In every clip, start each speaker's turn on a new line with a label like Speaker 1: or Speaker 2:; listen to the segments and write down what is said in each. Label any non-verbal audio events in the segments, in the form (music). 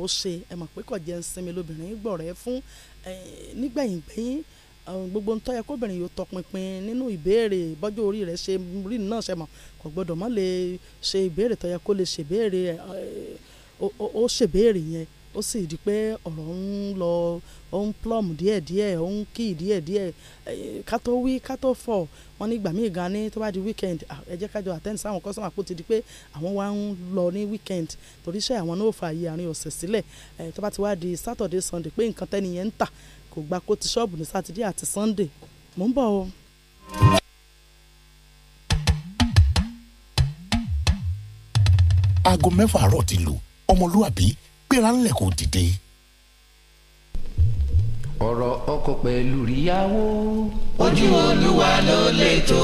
Speaker 1: ó ṣe ẹ mọ̀ pé kò jẹ́ ń sinmi
Speaker 2: lóbìnrin gbọ̀rẹ́ fún nígbẹ̀yìngbẹ̀yìn gbogbo ń tọ́yẹ kóbìnrin yóò tọpinpin nínú ìbéèrè bọ́jọ́ orí rẹ̀ ṣe rí náà ṣe mọ̀ kò gbọ́dọ̀ mọ́ lè ṣe ìbéèrè tọ́yẹ kó lè ṣèbéèrè ó ṣèbéèrè yẹn ó sì di pé ọ̀rọ̀ ń lọ ó ń plum díẹ̀díẹ̀ ó ń kí díẹ̀díẹ̀ ká tó wí ká tó fọ̀ wọ́n ní ìgbà míì tó bá di weekend ẹ jẹ́ ká jọ attend kó ti di pé àwọn wá ń lọ ní weekend torí iṣẹ́ àwọn náà fààyè àárín ọ̀sẹ̀ sílẹ̀ tó bá ti wá di Saturday Sunday pé nǹkan tẹ́niyẹn ń tà kò gba kó ti ṣọ́ọ̀bù ní Saturday àti Sunday mò ń bọ̀ o.
Speaker 3: aago mẹ́fà àárọ̀ ti lù ọmọlúwàbí gbéra ńlẹ̀ kò dìde. ọ̀rọ̀ ọkọ pẹ̀lú ìyàwó ojú olúwa ló lè tó.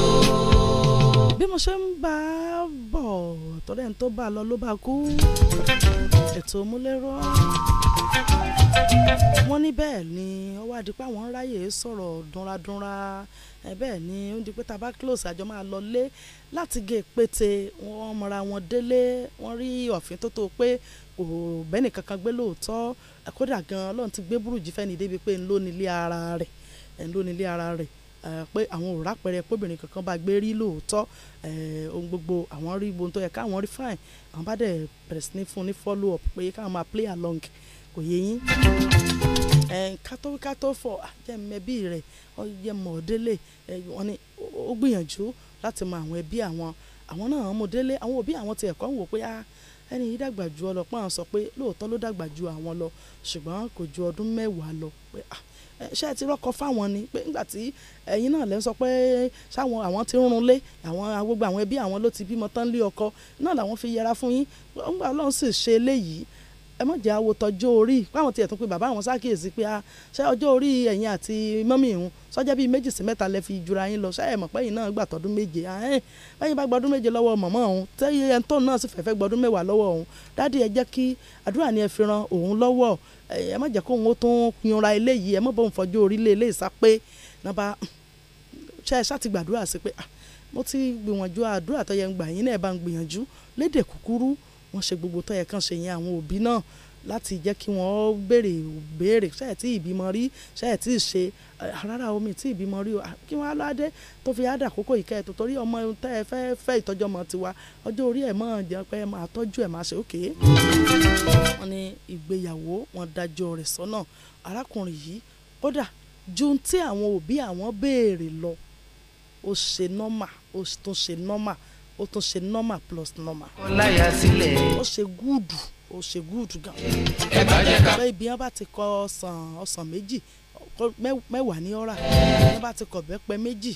Speaker 2: bí mo ṣe ń bá a bọ̀ tọ́lẹ̀ ń tó bá a lọ ló bá kú ètò múlẹ́rọ́ wọ́n ní bẹ́ẹ̀ ni ó wá di ráyè sọ̀rọ̀ dúnradúnra bẹ́ẹ̀ ni ó ń di pé tá bá close àjọ máa lọ lé láti gé pété wọ́n mọra wọn délé wọ́n rí ọ̀fin tó tó pé kò bẹ́ẹ̀nì kankan gbé lóòótọ́ kódà gan ọlọ́run ti gbé burújí fẹ́ni débi pé ńlọ nílé ara rẹ̀ ńlọ nílé ara rẹ̀ pé àwọn ò rápẹrẹ pọ́bìnrin kankan bá gbé rí lóòótọ́ ohun gbogbo àwọn rí ibo tó yẹ káwọn rí fine àwọn bá dẹ̀ bẹ̀rẹ̀ ní fún ní follow up pé káwọn máa play along kò yé yín kátó kátó fọ àjẹmẹbí rẹ̀ ọyẹmọ délé wọn ni ó gbìyànjú láti mọ àwọn ẹbí àwọn àwọn náà mọ délé àwọn òbí àwọn ti ẹ̀kọ́ wò pé ah ẹni yìí dàgbà ju ọlọ́pàá àwọn sọ pé lóòótọ́ ló dàgbà ju àwọn lọ ṣùgbọ́n kò ju ọdún mẹ́wàá lọ pé ṣé ẹ ti rọ́kọ fáwọn ni pé nígbà tí ẹ̀yin náà lẹ́ ń sọ pé ṣáwọn àwọn ti ń runlé àwọn gbogbo àwọn ẹbí àwọn ló ti bímọ tán lé ọkọ náà làwọn fi yẹra fún yín nígbà Ọlọ́run sì ṣe eléyìí ẹ mọ̀ jẹ́ àwo tọjọ́ orí páwọn tiẹ̀ tún pé bàbá àwọn ṣàkíyèsí pé ṣé ọjọ́ orí ẹ̀yin àti mọ́mì ìhun sọ́jà bíi méjì sí mẹ́ta lẹ fi jura yín lọ ṣé ẹ̀ mọ̀ pẹ́yìn náà gbà méje ẹ̀yin bá gbọdún méje lọ́wọ́ mọ̀mọ́ òun tẹ́yìn ẹ̀ ń tọ́ náà sì fẹ́fẹ́ gbọdún mẹ́wàá lọ́wọ́ òun dádì ẹ jẹ́ kí àdúrà ni ẹ fi ran òun lọ́wọ́ ẹ má jẹ́ kó òun ó tún yanra eléyìí ẹ mọ̀ bóun fọjọ́ orí lé eléyìí sá nàbà ṣe ṣáàtì gbàdúrà sí pé mo ti gbìyànjú àdúrà tó yẹ ń gbà yín náà ẹ bá ń gbìyànjú lédè kúkúrú wọ́n ṣe gbogbo tó yẹ kàn ṣe yẹn àwọn òbí náà láti jẹ́ kí wọ́n béèrè béèrè ṣe ẹ̀ tí ìbímọ rí ṣe ẹ̀ tí ì ṣe rárá omi tí ìbímọ rí o kí wọ́n á ládé tó fi ádà kókó ìkẹ́ ètò torí ọmọ tẹ́ ẹ fẹ́ fẹ́ ìtọ́jú ọmọ tiwa ọjọ́ orí ẹ̀ mọ́ jẹ́ pé ẹ máa tọ́jú ẹ̀ máa ṣe òkè. wọ́n ní ìgbéyàwó wọn dájọ́ rẹ̀ sọ́nà arákùnrin yìí kódà ju tí àwọn òbí àwọn béèrè lọ ó ṣe nọ́mà ó tún ṣe nọ́mà ó tún ṣe normal plus normal. ó ṣe gúùdù ó ṣe gúùdù gan. ẹ bá ibi wọn bá ti kọ ọsàn ọsàn méjì mẹ́wàá ní ọ̀rà wọn bá ti kọ bẹ́pẹ méjì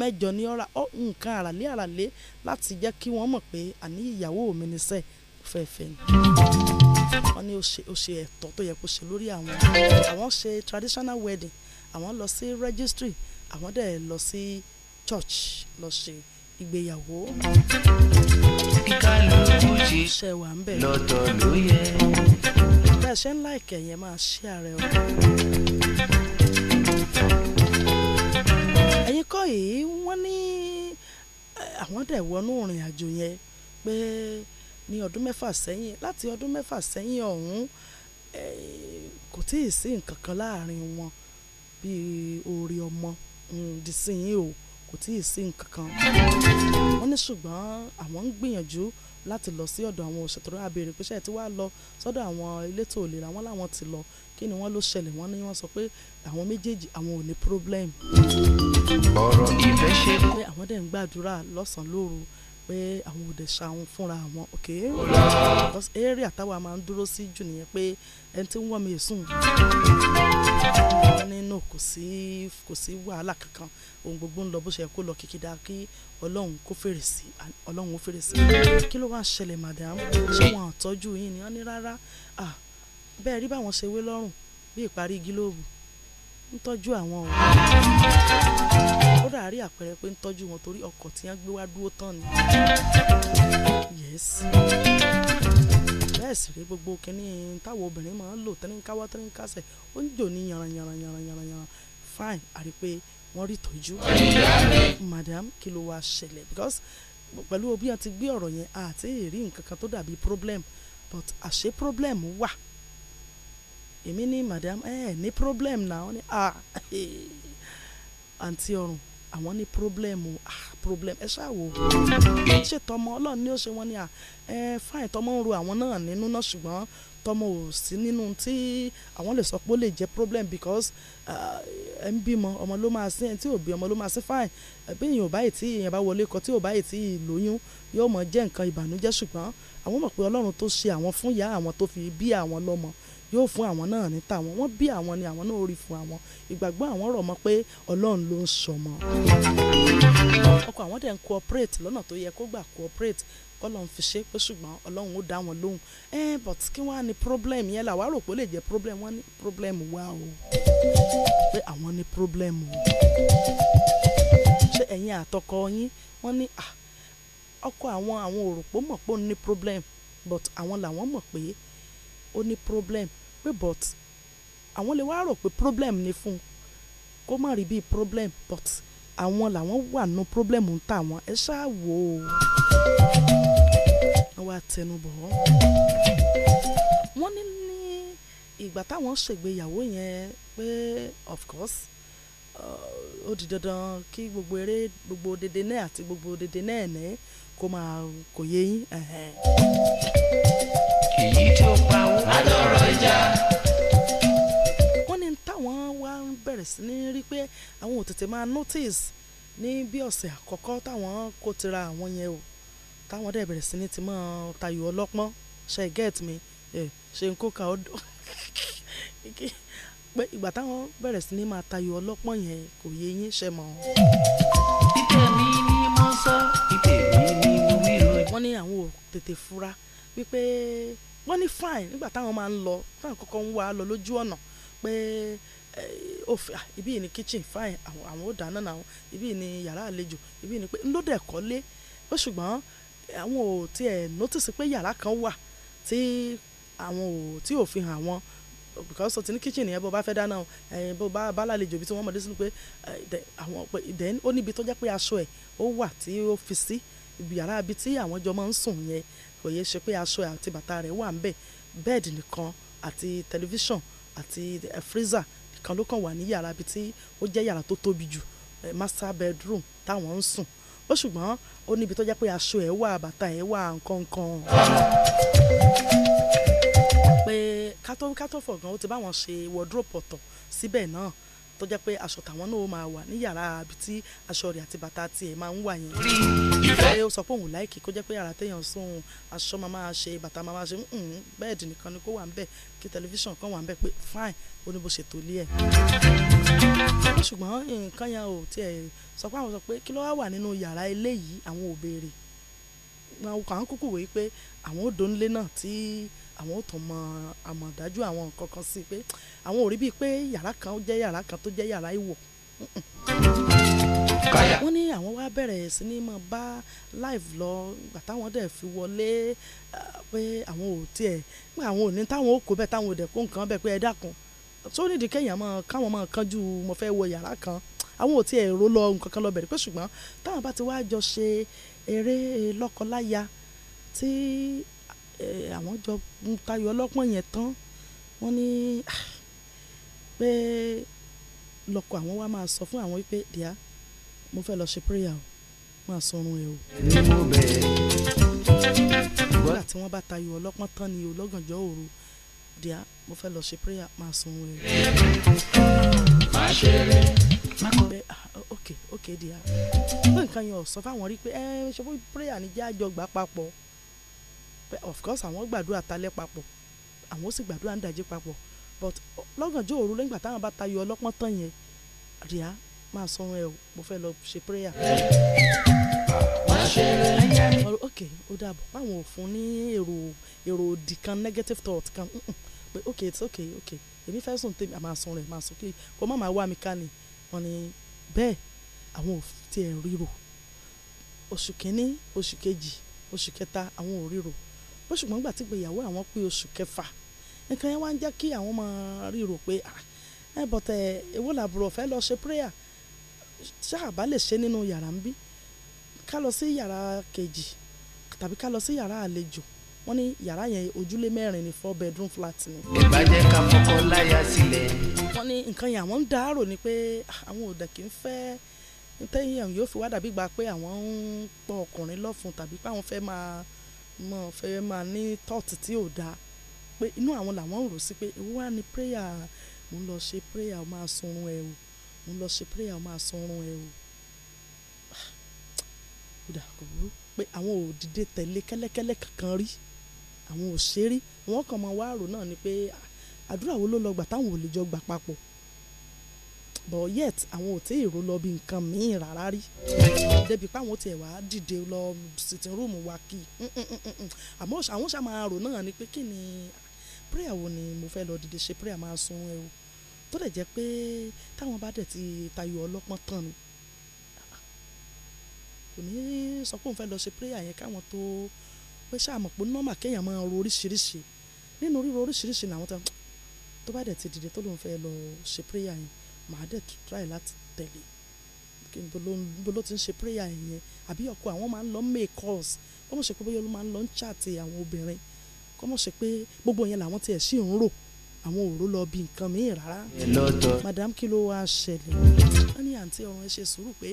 Speaker 2: mẹ́jọ ní ọ̀rà ó nǹkan àràlé àràlé láti jẹ́ kí wọ́n mọ̀ pé àní ìyàwó mi ní sẹ́ fẹ́ẹ́fẹ́ ni wọ́n ní ó ṣe ẹ̀tọ́ tó yẹ kó ṣe lórí àwọn àwọn ṣe traditional wedding àwọn lọ sí registry àwọn dẹ̀ lọ sí church lọ ṣe ìgbéyàwó. kíkálukú
Speaker 1: ṣe ṣe wà ń bẹ̀. lọ́tọ̀ ló yẹ.
Speaker 2: bẹ́ẹ̀ ṣe ń láìkẹ̀ yẹn máa ṣí ààrẹ o. ẹ̀yin kọ́ yìí wọ́n ní eh, àwọn dẹ̀ wọnú ìrìn àjò yẹn pé ní ọdún mẹ́fà sẹ́yìn láti ọdún mẹ́fà sẹ́yìn ọ̀hún eh, kò tí sí nǹkan kan láàrin wọn bíi oore ọmọ mm, dìsíyìn o. Mm, kò tí ì sí nǹkan kan wọ́n ní ṣùgbọ́n àwọn ń gbìyànjú láti lọ sí ọ̀dọ̀ àwọn òṣètò abèrè pé ṣe ti wá lọ sọ́dọ̀ àwọn elétò ìlera wọn làwọn ti lọ kí ni wọ́n ló ṣẹlẹ̀ wọ́n ní wọ́n sọ pé àwọn méjèèjì àwọn ò ní problem. ọ̀rọ̀ ìfẹ́ ṣe kú. pé àwọn dẹ̀ ń gbàdúrà lọ́sàn-án lóru pé àwọn ò dẹ̀ ṣàwọn fúnra àwọn ok. because area táwa máa ń dúró sí jù nìyẹn pé ẹni tí ń wọ́n mi èsùn ní nù kò sí kò sí wàhálà kankan ohun gbogbo ń lọ bó ṣe kó lọ kìkìdá kí ọlọ́run kó fèrè sí ọlọ́run ó fèrè sí kí ló wá ṣẹlẹ̀ madam ṣé wọn àtọ́jú yín ni wọ́n ní rárá bẹ́ẹ̀ rí báwọn ṣe wé lọ́rùn bí ìparí gílóòbù ń tọ́jú àwọn ọ̀rọ̀ ó dà rí àpẹẹrẹ pé ń tọ́jú wọn torí ọkọ̀ tí wọ́n gbé wá dúró tán ni. yes bẹ́ẹ̀ sì rí gbogbo kínní táwọn obìnrin máa ń lò tẹ́níkáwá tẹ́níkásẹ̀ ó ń jò ní yanranyanranyanranyanran fine àrí pé wọ́n rí tọ́jú madam kí ló wá ṣẹlẹ̀ because pẹ̀lú obi wọ́n ti gbé ọ̀rọ̀ yẹn àti èrí nǹkan kan tó dàbí problem but àṣé problem wà èmi ní madam ẹ eh, ní problem náà wọ́n ní ah (laughs) àǹtí ọ̀run àwọn ní problem ah problem ẹ ṣáà wò ó ṣe tọmọ ọlọ́run ni ó ṣe wọn ni à ẹ fáìn tọmọ ń ro àwọn náà nínú náà ṣùgbọ́n tọmọ ò sí nínú tí àwọn lè sọ pé ó lè jẹ́ problem because ẹ ń bímọ ọmọ ló máa sí ẹ tí ò bí ọmọ ló máa sí fáìn bí èèyàn ò báyìí tí èèyàn bá wọlé kọ tí ò báyìí tí lóyún yóò mọ jẹ́ nǹkan ìbànújẹ́ ṣùgbọ́n àwọn mọ̀ pé ọlọ́run tó ṣe àwọn fún ìyá àwọn tó fi bí àwọn lọ́mọ yóò fún àwọn náà ní tàwọn wọ́n bí àwọn ni àwọn náà ó rí fún àwọn ìgbàgbọ́ àwọn rọ̀ mọ́ pé ọlọ́run ló ń sọmọ. ọkọ àwọn dẹ̀ ń cooperate lọ́nà tó yẹ kó gbà cooperate kọ́lọ́n fi ṣe pé ṣùgbọ́n ọlọ́run ó dá wọn lóhùn ẹ but kí wọ́n á ní problem yẹn làwọn àrò pé ó lè jẹ́ problem wọ́n ní problem wá o pé àwọn ní problem o ṣé ẹ̀yin àtọkọ yín wọ́n ní ah, ọkọ àwọn àwọn òròpó mọ̀ pé ó ní problem but àwọn làwọn mọ̀ pé ó ní problem pé but àwọn lè wá rò pé problem ni fún un kó má rí bíi problem but àwọn làwọn wà nù problem ń tà wọ́n ẹ ṣáà wò ó wọ́n wá tẹnubọ̀ wọ́n ní ní ìgbà táwọn ṣègbéyàwó yẹn pé of course ó di dandan kí gbogbo eré gbogbo dédé náà àti gbogbo dédé náà ní kó máa kò yé yín. èyí tí ó pa ó adọ̀rọ̀ ìjà wọ́n ní táwọn wá ń bẹ̀rẹ̀ sí ní rí pé àwọn ò tètè máa notice ní bí ọ̀sẹ̀ àkọ́kọ́ táwọn kò ti ra àwọn yẹn o táwọn dẹ̀ bẹ̀rẹ̀ sí ní ti máa tayò ọlọ́pọ́n ṣe get me ṣe n kó ka ọdọ (laughs) pé ìgbà táwọn bẹ̀rẹ̀ sí ní máa tayò ọlọ́pọ́n yẹn kò yé yín ṣe mọ́. ìtẹ̀mí ni mo sọ ìtẹ̀mí ni wọ́n ní àwọn ò tètè fura wípé wọ́n ní fine nígbà táwọn máa ń lọ táwọn kọ́kọ́ ń wá lọ lójú ọ̀nà pé òfin ah, ibi yìí kitchen fine àwọn ò dáná náà ibi yìí ni yàrá àlejò ibi yìí ni pé ńlọdẹ kọ́lé ó ṣùgbọ́n àwọn ò tiẹ̀ notice pé yàrá kan wà tí àwọn ò tí ò fi hàn wọn because ọtí ní kitchen yẹn bó bá fẹ́ dáná ẹ̀yìn bó bá bá lálejò ibi tí wọ́n mọ̀dé sí pé àwọn then ó níbi tó jẹ́ pé aṣọ ẹ̀ ó wà tí ó fi sí. Si yàrá ibi tí àwọn jọ máa ń sùn yẹn kò yẹ ṣe pé aṣọ àti bàtà rẹ̀ wà ń bẹ̀ bẹ́ẹ̀dì nìkan àti tẹlifíṣàn àti freezer nìkan ló kàn wà ní yàrá ibi tí ó jẹ́ yàrá tó tóbi jù master bedroom táwọn ń sùn ó ṣùgbọ́n ó níbi tó jẹ́ pé aṣọ ẹ̀ wà bàtà ẹ̀ wà nǹkankan pé kátó kátó fọ̀gàn ó ti báwọn ṣe wardrobe ọ̀tọ̀ síbẹ̀ náà tó jẹ́ pé aṣọ tàwọn náà máa wà ní yàrá àbí tí aṣọ rẹ̀ àti bàtà tiẹ̀ máa ń wà yẹn. ṣé ó sọ pé òun láìkì kó jẹ́ pé yàrá téèyàn sùn aṣọ máa máa ṣe bàtà máa máa ṣe bẹ́ẹ̀dì nìkan ni kó wà ń bẹ̀ kí tẹlifíṣàn kan wà ń bẹ̀ pé fine ó ní bó ṣe tó lé ẹ̀. ṣùgbọ́n nǹkan yẹn ò tiẹ̀ sọ pé àwọn sọ pé kí ló wá wà nínú yàrá eléyìí àwọn ò béèrè àwọn kúkú wèé pé àwọn ò àwọn ò tàn mọ àmọ̀dájú àwọn nǹkan kan sí pé àwọn ò rí bíi pé yàrá kan jẹ́ yàrá kan tó jẹ́ yàrá ìwọ̀ wọ́n ní àwọn wá bẹ̀rẹ̀ sí ní máa bá live lọ gbà táwọn dẹ̀ fi wọlé pé àwọn ò tiẹ̀ pé àwọn ò ní táwọn ò kó bẹ́ẹ̀ táwọn ò dẹ̀ kó nǹkan bẹ́ẹ̀ pé ẹ dákun tó nídìí kéèyàn máa káwọn máa kánjú mo fẹ́ wọ yàrá kan àwọn ò tiẹ̀ ró lọ nǹkan kan lọ bẹ̀rẹ̀ pé ṣùgbọ́n táwọn bá ti wá jọ ṣe eré lọ́kọláya tí Eh, àwọn jọ ń tayọ ọlọ́pọ̀n yẹn tán wọ́n ní ah, pé lọ́kọ̀ àwọn wa máa sọ fún àwọn wípé díà mo fẹ́ lọ ṣe prayer o máa sọrun ẹ o. nígbà tí wọ́n bá tayọ ọlọ́pọ̀n tán ni ológànjọ́ òru díà mo fẹ́ lọ ṣe prayer máa sọrun ẹ
Speaker 1: o. Ah, ok
Speaker 2: ok díà. nǹkan yẹn ò sọ fáwọn rí pé ẹ ṣe fún prayer ni jẹ́ àjọgbà papọ̀ of course àwọn gbàdúrà talẹ́ papọ̀ àwọn ó sì gbàdúrà ń dàjí papọ̀ but lọ́gànjọ́ òru lẹ́yìn ìgbà táwọn bá tayọ ọlọ́pọ́n tán yẹn rìá máa sọ ẹ o mo fẹ́ lọ ṣe prayer. ok ó dàbọ̀ báwọn ò fún ní èrò èrò òdì kan negative thought kan pé ok it's ok ok èmi fẹ́ sùn tèmi àmà sùn rẹ̀ màá sùn kí kò má máa wá mi ká ni wọ́n ní bẹ́ẹ̀ àwọn ò tiẹ̀ ríro oṣù kínní oṣù kejì oṣù kẹta àwọn ò ríro bó ṣùgbọ́n gbà tí ìgbéyàwó àwọn pé oṣù kẹfà nǹkan yẹn wá ń jẹ́ kí àwọn máa ríro pé ah, ẹ bọ̀tẹ̀ èwo làbúrò fẹ́ lọ ṣe prayer ṣáàbà lè ṣe nínú yàrá ń bí ká lọ sí yàrá kejì tàbí ká lọ sí yàrá àlejò wọ́n ní yàrá yẹn ojúlé mẹ́rin ni four bedroom flat ni. ìbàjẹ́ ká
Speaker 1: fọkọ láyà sílẹ̀.
Speaker 2: wọ́n ní nǹkan yẹn àwọn ń dárò ni pé ah, àwọn òdà kì í fẹ́ tẹ́yìn yóò fi wá dàbí gba pé àwọn ń pọ̀ ọkùnrin lọ́fun tàbí pé àwọn fẹ́ máa mo fẹ́ máa ní tọ́ọ̀tì tí ò dáa pé inú àwọn làwọn rò sí pé ewu wá ní prayer mo ń lọ ṣe prayer ó máa sunrun ẹ o mo ń lọ ṣe prayer ó máa sunrun ẹ o kódà (sighs) kò burú pé àwọn ò dìde tẹ̀lé kẹ́lẹ́kẹ́lẹ́ kankan rí àwọn ò ṣe rí wọ́n kàn máa wá rò náà ni pé ah, àdúrà wo ló lọ gbà táwọn ò lè jọ gbà papọ̀ but yet àwọn ò tí ì ro lọ bí nǹkan míì rárá rí débi pé àwọn tiẹ̀ wá dìde lọ sitting room wa kì í mm, mm, mm, àmọ́ àwọn ṣáà máa rò náà ni pé kí ni prayer wo ni mo fẹ́ lọ dìde ṣe prayer máa sun ẹ o tó dẹ̀ jẹ́ pé táwọn bá dẹ̀ ti tayọ ọlọ́pọ́n tán ni kò ní sọ pé òun fẹ́ lọ ṣe prayer yẹn káwọn tó pé ṣáàmọ̀ pé nọ́mà kéèyàn máa ro oríṣiríṣi nínú ríro oríṣiríṣi làwọn tó bá dẹ̀ ti dìde tó lóun fẹ́ lọ ṣe prayer yẹn màá dẹ̀ try láti tẹ̀lé kí bó ló ti ń ṣe prayer yẹn àbí ọkọ àwọn máa ń lọ make calls kọ́ ṣe pé bóyá ló máa ń lọ ń chàtì àwọn obìnrin kọ́ ṣe pé gbogbo yẹn làwọn tiẹ̀ ṣì ń rò àwọn òru lọ bí nǹkan míì rárá. madam kí ló wá ṣẹlẹ̀ wọ́n ní àǹtí ọ̀run ẹ ṣe sùúrù pé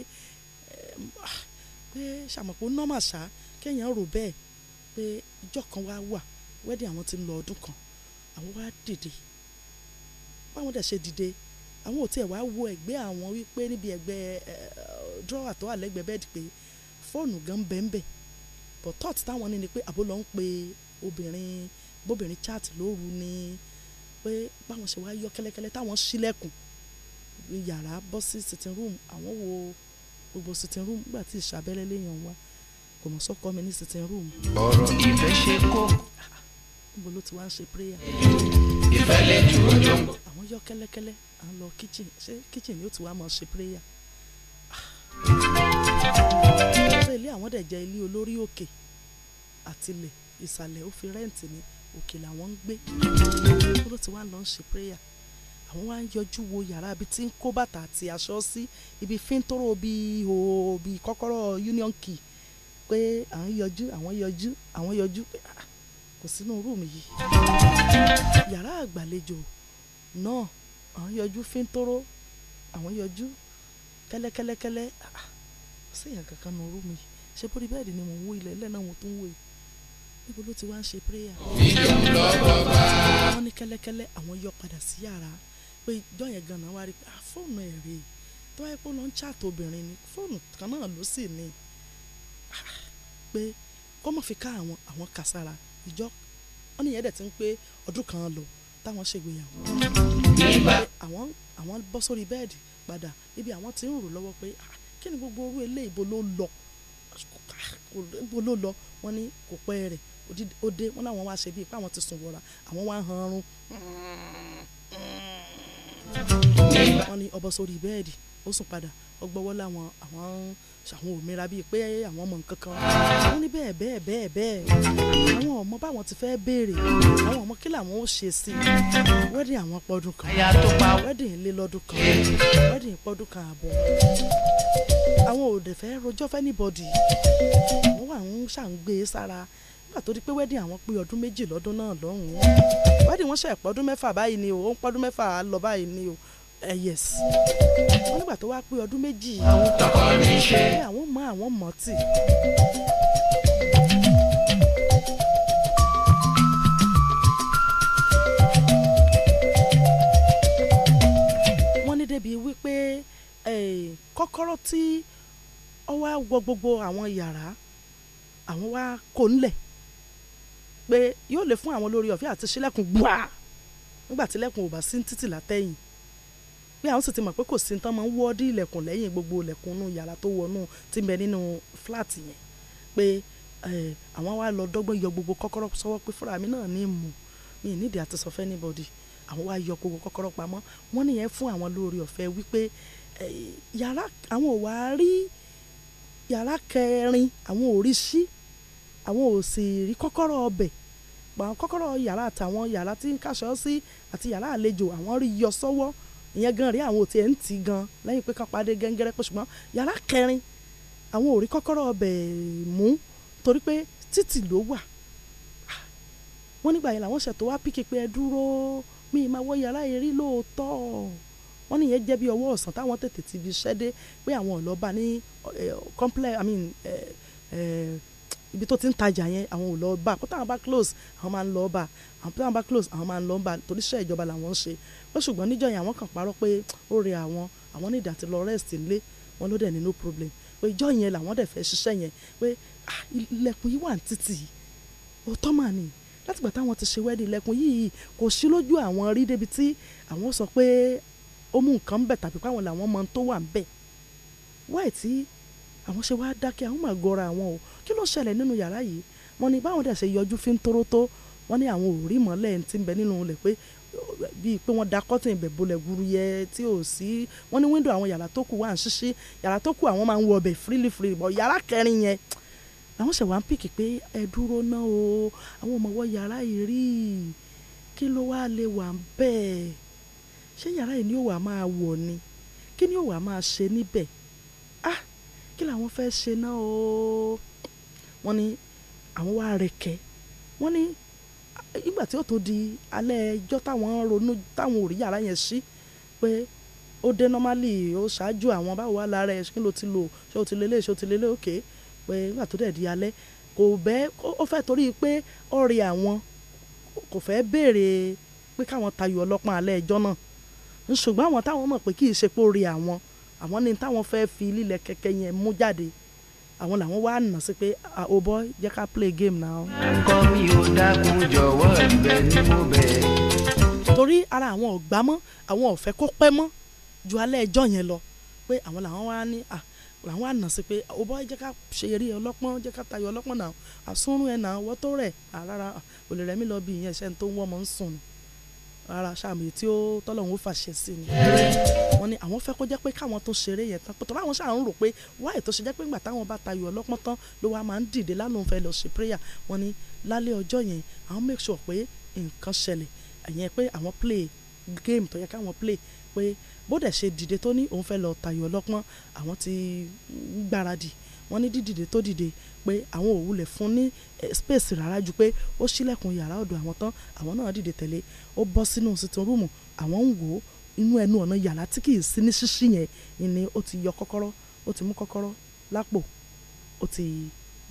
Speaker 2: ah, pé ṣàmọ̀pọ̀ nọ́mà ṣá kéèyàn rò bẹ́ẹ̀ pé ìjọ kan wá wà wedding àwọn ti ń lọ ọdún kan àwọn wá dìde báwọn dẹ̀ ṣe dìde àwọn ò tiẹ̀ wá wo ẹ̀gbẹ́ àwọn wípé níbi ẹ̀gbẹ́ eh, drawer tó wà lẹ́gbẹ̀ẹ́ bẹ́ẹ̀dì pé fóònù gan bẹ́ẹ̀nbẹ́ẹ̀ but thought táwọn ní ni pé àbó lọ ń pe obìnrin bóbìnrin chat lóru ni pé báwọn ṣe wá yọ kẹ́lẹ́kẹ́lẹ́ táwọn ṣílẹ̀kùn yàrá bọ́ sí sitting room àwọn wo gbogbo sitting room nígbà tí ìṣàbẹ́lẹ́ léèyàn wá kò mọ̀ sọ́kọ́ mi ní sitting room. ọ̀rọ̀ ìfẹ́ ṣe kó. níbo ló ti wá ṣe prayer. ìfẹ́ lè dúró jọ. àwọn yọ kẹ́lẹ́kẹ́lẹ́ à ń lọ kitchen ṣé kitchen ni ó ti wá máa ṣe prayer. Ah. ṣé ilé àwọn dẹ̀ jẹ́ ilé olórí òkè àtìlẹ̀ ìsàlẹ̀ ó fi rẹ́ǹtì ní òkè làwọn ń gbé ó ló ti wá ń lọ ṣe prayer àwọn wá ń yọjú wo yàrá ibi tí ń kó bàtà àti aṣọ sí ibi fíntòrò bíi ihò bíi kọ́kọ́rọ́ union key pé à ń yọjú àwọn yọjú àwọn yọjú ah, kò sínú rúùmù yìí yàrá àgbàlejò náà àwọn yọjú fíntóró àwọn yọjú kẹ́lẹ́kẹ́lẹ́kẹ́lẹ́ ṣèyàn ah, kankan nù rú mi ṣe bórí bẹ́ẹ̀dì ni mò ń wó ilẹ̀ ilẹ̀ náà mo tún wó e níbo ló ti wá ń ṣe prayer. wọ́n ní kẹ́lẹ́kẹ́lẹ́ àwọn yọ padà sí yàrá pé ìjọ yẹn gan-an wá rí pé ah, fóònù ẹ̀ rèé tó wáyé pé ó lọ ń chat obìnrin ni fóònù kan náà ló sì ní ah, pé kó má fi ká àwọn àwọn kàsára ìjọ wọ́n ní yẹn dẹ̀ ti ń pé ọdún kan lọ táwọn ṣègbéyàwó àwọn àwọn bọ́ sórí bẹ́ẹ̀dì padà ibi àwọn ti ń rò lọ́wọ́ pé ah, kí ni gbogbo orú ilé ìbò ló lọ ìbò ah, ló lọ wọ́n ní kò pẹ́ rẹ̀ ó dé wọ́n láwọn wá ṣe bíi pé àwọn ti sùn wọra àwọn wá han ọrùn mm-hmm. wọ́n ní ọbọ sórí bẹ́ẹ̀dì ó sùn padà ó gbọ́wọ́ láwọn àwọn àwọn òmìnira bíi pé àwọn ọmọ nǹkan kan wọ́n ní bẹ́ẹ̀ bẹ́ẹ̀ bẹ́ẹ̀ bẹ́ẹ̀ àwọn ọmọ báwọn ti fẹ́ béèrè àwọn ọmọ kí làwọn ó ṣe sí i wedding àwọn pọ́dún kan wedding ilé lọ́dún kan wedding pọ́dún kan àbọ̀ àwọn ò fẹ́ rojọ́ fẹ́ níbọ̀dì wọ́n wà ń ṣàǹgbé sára nígbà tó di pé wedding àwọn pé ọdún méjì lọ́dún náà lọ́hùn-ún wedding wọn ṣe pọ́dún mẹ́fà báyìí ni o ó ń pọ́dún mẹ́fà lọ báyìí ni o ẹ eh, yes wọ́n nígbà tó wá pé ọdún méjì àwọn tọkọ ní í ṣe àwọn mọ àwọn mọ tì. wọ́n ní débi wípé eh, kọ́kọ́rọ́ tí ó wá wọ gbogbo àwọn yàrá àwọn wá kò ńlẹ̀ pé yóò lè fún àwọn lórí ọ̀fẹ́ àti ṣílẹ̀kùn gbà nígbà tí lẹ́kùn ò bá sí títì látẹ̀yìn pé àwọn sì ti mọ̀ pé kò sí tán máa ń wọ́ọ́dí ilẹ̀kùn lẹ́yìn gbogbo ilẹ̀kùn inú yàrá tó wọnú ti bẹ nínú fúláàtì yẹn pé àwọn wa lọ dọ́gbọ́n yọ gbogbo kọ́kọ́rọ́ sọ́wọ́ pé fúnra mi náà ní mú mi nídìí àti sọ fẹ́ anybody àwọn wa yọ gbogbo kọ́kọ́rọ́ pamọ́ wọ́n nìyẹn fún àwọn lórí ọ̀fẹ́ wípé yàrá àwọn ò wá rí yàrá kẹrin àwọn ò rí sí àwọn ò sì rí kọ́kọ́rọ́ ọbẹ̀ pàwọn kọ́kọ́rọ́ yàrá àtàwọn yàrá tí ń kàṣọ́ sí àti yàrá àlejò àwọn rí yọ sọ́wọ́ ìyẹn gan rí àwọn òtí ẹ̀ ń tì gan lẹ́yìn pé kán padé gẹ́ngẹ́rẹ́ pé ṣùgbọ́n yàrá kẹrin àwọn ò rí kọ́kọ́rọ́ ọbẹ̀ mú torí pé títì ló wà ah, wọ́n nígbà yẹn làwọn ṣètò wá pk pé ẹ dúró mi ì máa wọ yàrá yẹn lóòótọ́ wọ́n nìyẹn jẹ́ bí ọwọ́ ọ̀sán táwọn tètè ti fi ṣẹ́ pé àwọn ọ̀lọ́ba ní eh, complex i mean eh, eh, ibi tó ti ń tajà yẹn àwọn ò lọ bá kó táwọn bá close àwọn máa ń lọ bá àwọn táwọn bá close àwọn máa ń lọ bá torí iṣẹ́ ìjọba làwọn ń ṣe ó ṣùgbọ́n níjọ́ yẹn àwọn kan parọ́ pé ó rẹ àwọn àwọn ní ìdàtí lọ rest nílé wọn ló dẹ̀ ní no problem pé ìjọ́ yẹn làwọn dẹ̀ fẹ́ ṣiṣẹ́ yẹn pé ilẹ̀kùn yìí wà ní títì òótọ́ mà ni látìgbà táwọn ti ṣe wẹ́ẹ́dì ilẹ̀kùn yìí kò sí lójú àwọn rí débi tí àwọn sọ pé ó mú nǹkan bẹ̀ tàbí pé àwọn làwọn mọ tó wà ń bẹ̀ wáì tí àwọn ṣe wá dákẹ́ àwọn mà gọra àwọn o kí ló ṣẹlẹ̀ nínú yàrá yìí wọ́n ní báwọn dẹ̀ ṣe yọjú fi ń tóró tó wọ́n ní àwọn ò rí mọ́lẹ̀ tí ń bẹ nínú ilẹ̀ pé bíi pé wọ́n da kọ́tìn ibẹ̀ bolẹ̀ guruyẹ tí ò sí wọ́n ní wíńdò àwọn yàrá tó kù wà ń ṣíṣí yàrá tó kù àwọn máa ń wọ ọbẹ̀ freely freely bọ̀ yàrá kẹrin yẹn làwọn ṣẹ̀ wá ń pìkì pé ẹ dúró náà o àwọn ò mọ̀ wọ yàrá yìí rí kí ló wá lè wà ń bẹ́ẹ̀ ṣé yàrá yìí ni ó wà máa wọ̀ ni kí ni ó wà máa ṣe níbẹ̀ ah kí làwọn fẹ́ ṣe náà o wọ́n ní àwọn wá rẹ̀kẹ́ wọ́n ní ìgbà tí ó tó di alẹ́ ẹjọ́ táwọn ronú táwọn ò rí yàrá yẹn sí pé ó dé normally ó ṣáájú àwọn báwo wá lára ẹ ṣé ló ti lò ṣé o ti lélẹ̀ ṣé o ti lélẹ̀ òkè pé ìgbà tó dẹ̀ di alẹ́ kò bẹ́ ó fẹ́ torí pé ọ̀rẹ́ àwọn kò fẹ́ béèrè pé káwọn tayò ọlọ́pàá alẹ́ ẹjọ́ náà ṣùgbọ́n àwọn táwọn mọ̀ pé kì í ṣe pé ó rí àwọn àwọn ni táwọn fẹ́ fi lílẹ̀ kẹ̀kẹ́ yẹn mú jáde àwọn làwọn wá nà sí pé oh boy jẹ́ ká play game now. ẹ̀kọ́
Speaker 1: mi ò dákun jọ̀wọ́ ẹ̀bẹ̀ ni mo bẹ̀.
Speaker 2: torí ara àwọn ọ̀gbá mọ́ àwọn ọ̀fẹ́ kó pẹ́ mọ́ ju alẹ́ ẹjọ́ yẹn lọ pé àwọn làwọn wá ní làwọn wá nà sí pé oh boy jẹ́ ká ṣe eré ọlọ́pọ́n jẹ́ ká tayọ ọlọ́pọ́n náà àsúnrún ẹ̀ náà wọ́tọ́ rẹ̀ àrárá olè rẹ̀ mi lọ bí ìyẹn ṣẹ́ tó ń wọ́n mọ́ ń sùn ni rárá sáàmì tí ó tọ́lọ́hún ó fàṣẹ sí ni wọ́n ní àwọn fẹ́ kó jẹ́ pé káwọn tó ṣeré yẹn tán pọ̀tọ́ láwọn ṣáà ń rò pé wáyé tó ṣe jẹ́ pé ńgbà táwọn bá tayò ọlọ́pọ́n tán ló wá máa ń dìde lánàá fẹ́ lọ ṣe prayer wọ́n ní lálẹ́ ọjọ́ yẹn àwọn make sure pé nǹkan ṣẹlẹ̀ ẹ̀yẹn pé àwọn play game tó yẹ káwọn play pé bódẹ̀ ṣe dìde tó ní òun fẹ́ lọ tayò ọlọ́pọ́n àwọn ti gbáradì wọ́n ní dídìde tó dìde pé àwọn ò wulẹ̀ fún ní eh, space rárá ju pé ó ṣílẹ̀kùn yàrá ọ̀dọ̀ àwọn tán àwọn náà dìde tẹ̀lé ó bọ́ sínú sitting room àwọn ń wò ó inú ẹnu ọ̀nà yàrá tí kì í sí ní ṣíṣí yẹn ni ó ti yọ kọ́kọ́rọ́ ó ti mú kọ́kọ́rọ́ lápò ó ti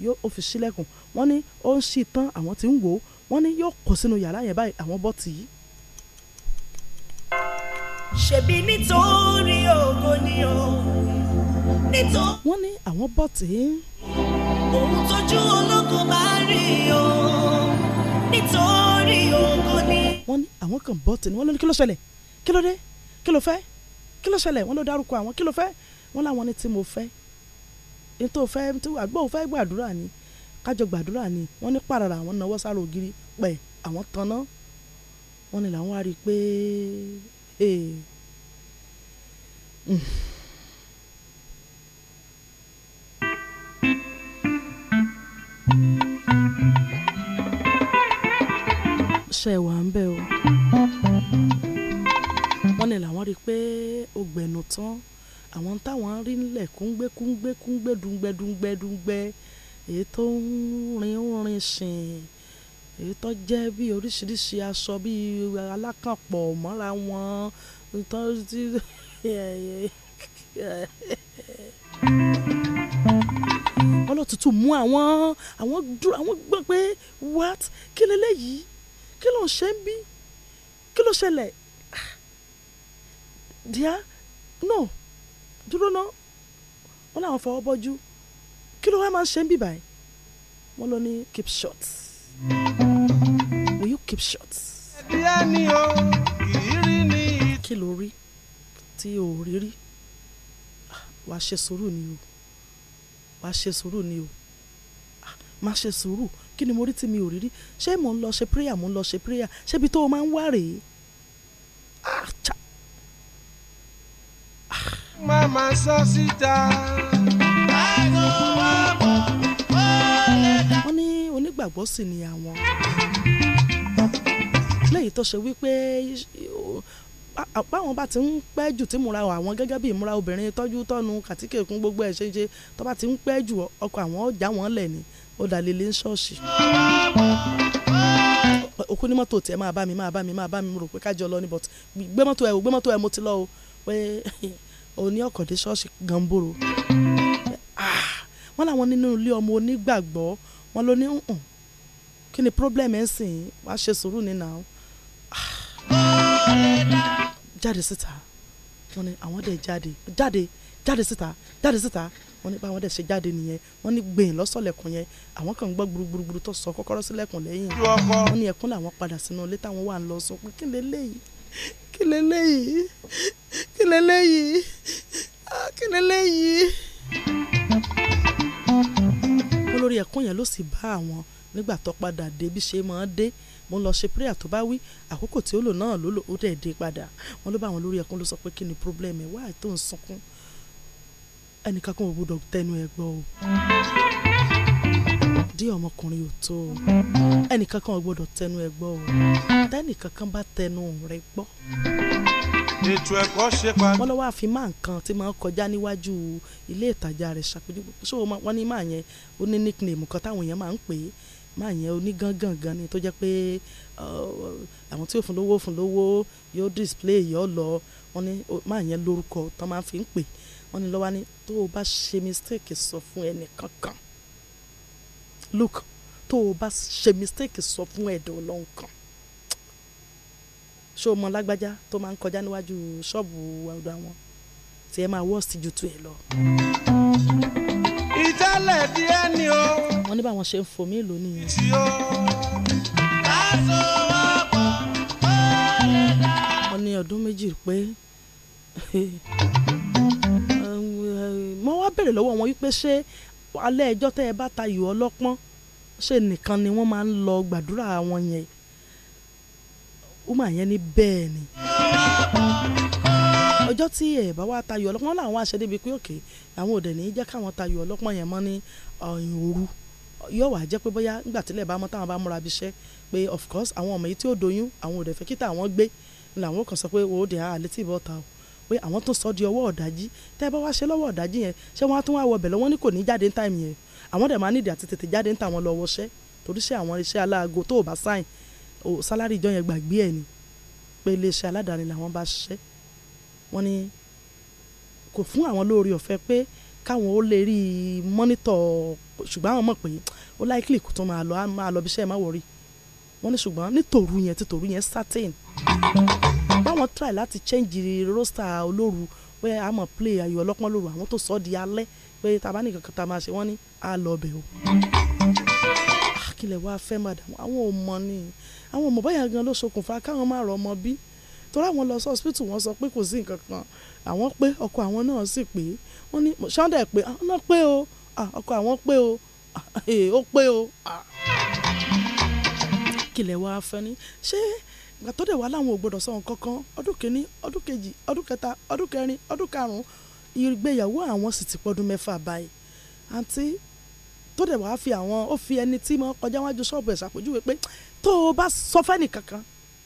Speaker 2: yóò ó fi ṣílẹ̀kùn wọ́n ní ó ń ṣí tán àwọn ti ń wò ó wọ́n ní yóò kó sínú yàrá yẹn báyìí àwọn bọ́ tì í. ṣèbí nítorí ògo ni o nítorí. wọ́n ní àwọn bọ́ tì í ohun tójú ológo bá rí o nítorí ògo ni. wọ́n ní àwọn kan bọ́ tẹ̀ ni wọ́n ló ní kí ló ṣẹlẹ̀ kí ló dé kí ló fẹ́ kí ló ṣẹlẹ̀ wọ́n ló dárúkọ àwọn kí ló fẹ́ wọ́n láwọn ní tí mo fẹ́ ètò òfẹ́ tí àgbọ̀ òfẹ́ gbàdúrà ni kájọ gbàdúrà ni wọ́n ní pàràrà àwọn náwó sára ògiri pẹ̀ àwọn tanná wọ́n ní làwọn wá rí i pé eh, hmm. ṣe wà ń bẹ̀ o wọ́n ní làwọn rí i pé ó gbẹ̀nù tán àwọn táwọn rí nílẹ̀ kúngbé kúngbé kúngbé dùngbẹ́ dùngbẹ́ dùngbẹ́ èyí tó ń rin ń rin sìn èyí tó jẹ́ bí oríṣiríṣi aṣọ bí alákànpọ̀ mọ́ra wọn tó ti. (laughs) òtútù mú àwọn àwọn dúró àwọn gbọ́ pé what kí leléyìí kí ló ń ṣe ń bí kí ló ṣẹlẹ̀ ah, díà no dúró ná wọn làwọn fọwọ́ bọ́jú kí ló wá máa ń ṣe ń bí báyìí wọn lọ ní keep short will you keep short. ẹbí ẹni o ìrírí ni. kí ló rí tí o rí rí ah, wàá ṣe sùúrù ni o wàá ṣe sùúrù ni o ah, má ṣe sùúrù kí ni mo rí tí mi ò rí rí ṣé mò ń lọ ṣe prayer mò ń lọ ṣe prayer ṣébi tó o máa ń wá rèé. màmá ah, sọ síta. wọ́n ní onígbàgbọ́ sì ni àwọn lẹ́yìn tó ṣe wípé báwọn bá ti ń pẹ́ jù tí múra àwọn gẹ́gẹ́ bí ìmúra obìnrin tọ́jú tọ́nu kàtíkè kún gbogbo ẹ̀ ṣeéṣe tó bá ti ń pẹ́ jù ọkọ àwọn ọjà wọn lẹ̀ ni ó dalẹ̀ lé ṣọ́ọ̀ṣì. òkú ní mọ́tò tiẹ̀ máa bá mi máa bá mi máa bá mi rò pé kájọ lọ ní but gbé mọ́tò ẹ̀ o gbé mọ́tò ẹ̀ mo ti lọ o pé (laughs) òní ọkọ̀ dé ṣọ́ọ̀ṣì gànboro. Ah, wọ́n làwọn nínú ilé ọmọ onígbàgbọ́ wọn ló ní kí ni problem ẹ̀ sìn wá ṣe sùúrù nínú àwọn. Ah, jáde síta wọ́n ní àwọn dẹ̀ jáde jáde jáde síta jáde síta wọ́n ní báwọn dẹ̀ ṣe jáde nìyẹn wọ́n ní gbẹ̀yìn lọ́sọ̀lẹ̀kùn yẹn àwọn kan ń gbọ́ tó sọ kọ́kọ́rọ́ sílẹ̀kùn lẹ́yìn wọ́n ní ẹkún làwọn padà sínú ilé táwọn wà ń lọ sọ pé kí lélẹ́yìí kí lélẹ́yìí kí lélẹ́yìí ah, kí lélẹ́yìí. olórí ẹkún yẹn ló sì bá àwọn nígbà tó padà dé bí ṣe máa dé mo lọ ṣe prayer tó bá wí àkókò tí ó lò náà ló lò ó dẹ̀ dé padà wọn ló bá àwọn lórí ẹkún ló sọ pé kí ni problem ẹ wá tó ń sunkún ẹnìkan kan ò gbọdọ̀ tẹnu ẹ gbọ́ o dí ọmọkùnrin ò tó o ẹnìkan kan ò gbọdọ̀ tẹnu ẹ gbọ́ o tẹnìkan kan bá tẹnu rẹ gbọ́ ètò ẹ̀kọ́ ṣe pàdé. wọ́n lọ wá fi máa nǹkan tí máa ń kọjá níwájú ilé ìtajà rẹ̀ ṣàpèjúwe ṣé wọ́n ní máa yẹn ó ní nickname kan táwọn èèyàn máa ń pè é máa yẹn onígangangan ni tó jẹ́ pé àwọn tí ò fún lówó fún lówó yóò display yóò lọ wọ́n ní máa yẹn lórúkọ tó máa fi ń pè wọ́n ní lọ́wọ́ ni tó o bá ṣe mistake sọ fún ẹnì kankan look tó o bá ṣe mistake sọ fún ẹ̀dọ̀ ọlọ́run kan ṣé o mọ lágbájá tó máa ń kọjá níwájú ṣọ́ọ̀bù ọ̀dọ̀ àwọn tí ẹ máa wọ́ọ̀sì ju tu ẹ lọ. ìtẹ́lẹ̀ díẹ̀ ni o wọn ní báwọn ṣe ń fò mí lò nìyẹn. wọ́n ní ọdún méjì pé mo wá béèrè lọ́wọ́ wọn wípé ṣé alẹ́ ẹjọ́ tẹ́ ẹ bá tayò ọlọ́pọ́n ṣe nìkan ni wọ́n máa ń lọ gbàdúrà wọn yẹn woman yẹn ní bẹ́ẹ̀ ni ọjọ́ tí ẹ̀ bá wá tayò ọlọ́pọ́n làwọn àṣẹ débi pé òkè àwọn òdẹ̀ ní jẹ́ káwọn tayò ọlọ́pọ́n yẹn mọ́ ní ọ̀yìn òru yóò wá jẹ́ pé bóyá nígbà tílẹ̀ bá mọ́ táwọn bá múra bíṣẹ́ pé of course àwọn ọmọ yìí tí ó doyún àwọn òde fẹ́ kí tà wọ́n gbé làwọn kan sọ pé wò ó dè á létí ìbọn ta o pé àwọn tó sọ di ọwọ́ ọ̀dájí tẹ́ ẹ bá wá ṣe lọ́wọ́ ọ̀dájí yẹn ṣé wọ́n á tún wá wọ ọbẹ̀ lọ́wọ́ ní kò ní jáde ní táìmù yẹn àwọn dẹ̀ máa nídìí àti tètè jáde ní tàwọn lọ́wọ́ ṣẹ́ torí ṣé àwọn iṣẹ́ aláago tó o bá sáìn o sálárì ìjọ yẹn gbàgbé ẹ̀ ni pé iléeṣẹ́ aládàáni làwọn bá ṣiṣẹ́ wọ́n ní kò fún àwọn lóore ọ̀fẹ́ pé káwọn ó lè rí mọ́nítọ̀ ṣùgbọ́n àwọn mọ̀ pé ó láìkìlì kó tó máa lọ máa lọ bí iṣẹ́ má wọrí wọ́n ní ṣùgbọ́n nítorú yẹn títorú yẹn certain báwọn try láti change the roster olóru pé a mọ̀ play ayò ọlọ́pọ́n lóru àwọn tó sọ ọ́ di alẹ́ pé tàbá nìkan kan tá a máa ṣe wọ́n ní a lọ bẹ̀ o ah, kílẹ̀ wá fẹ́ madam àwọn ò mọ̀ ni àwọn ọmọ báyà gan ló ṣokùnfà káwọn máa rọ ọmọ bí torí àwọn lọ sí hospital wọ́n sọ pé kò sí nǹkan kan àwọn pé ọkọ àwọn náà sì pé wọ́n ní sọ́ndẹ̀ pé ah, ọ̀nà pé o ah, ọkọ àwọn pé o ah, eh, ó pé o kílẹ̀ wá fẹ́ ni ṣé ìgbà tó dẹ̀ wá láwọn ò gbọ́dọ̀ sọ nǹkan kan ọdún kìíní ọdún kejì ọdún kẹta ọdún kẹrin ọdún karùn-ún ìgbéyàwó àwọn sì ti pọ́dún mẹ́fà báyìí àǹtí tó dẹ̀ wá fi àwọn ó fi ẹni tí mo kọjá wájú ṣọ́ọ̀bù ẹ̀ ṣàpèjúwe pé tó o bá sọ fẹ́nì kankan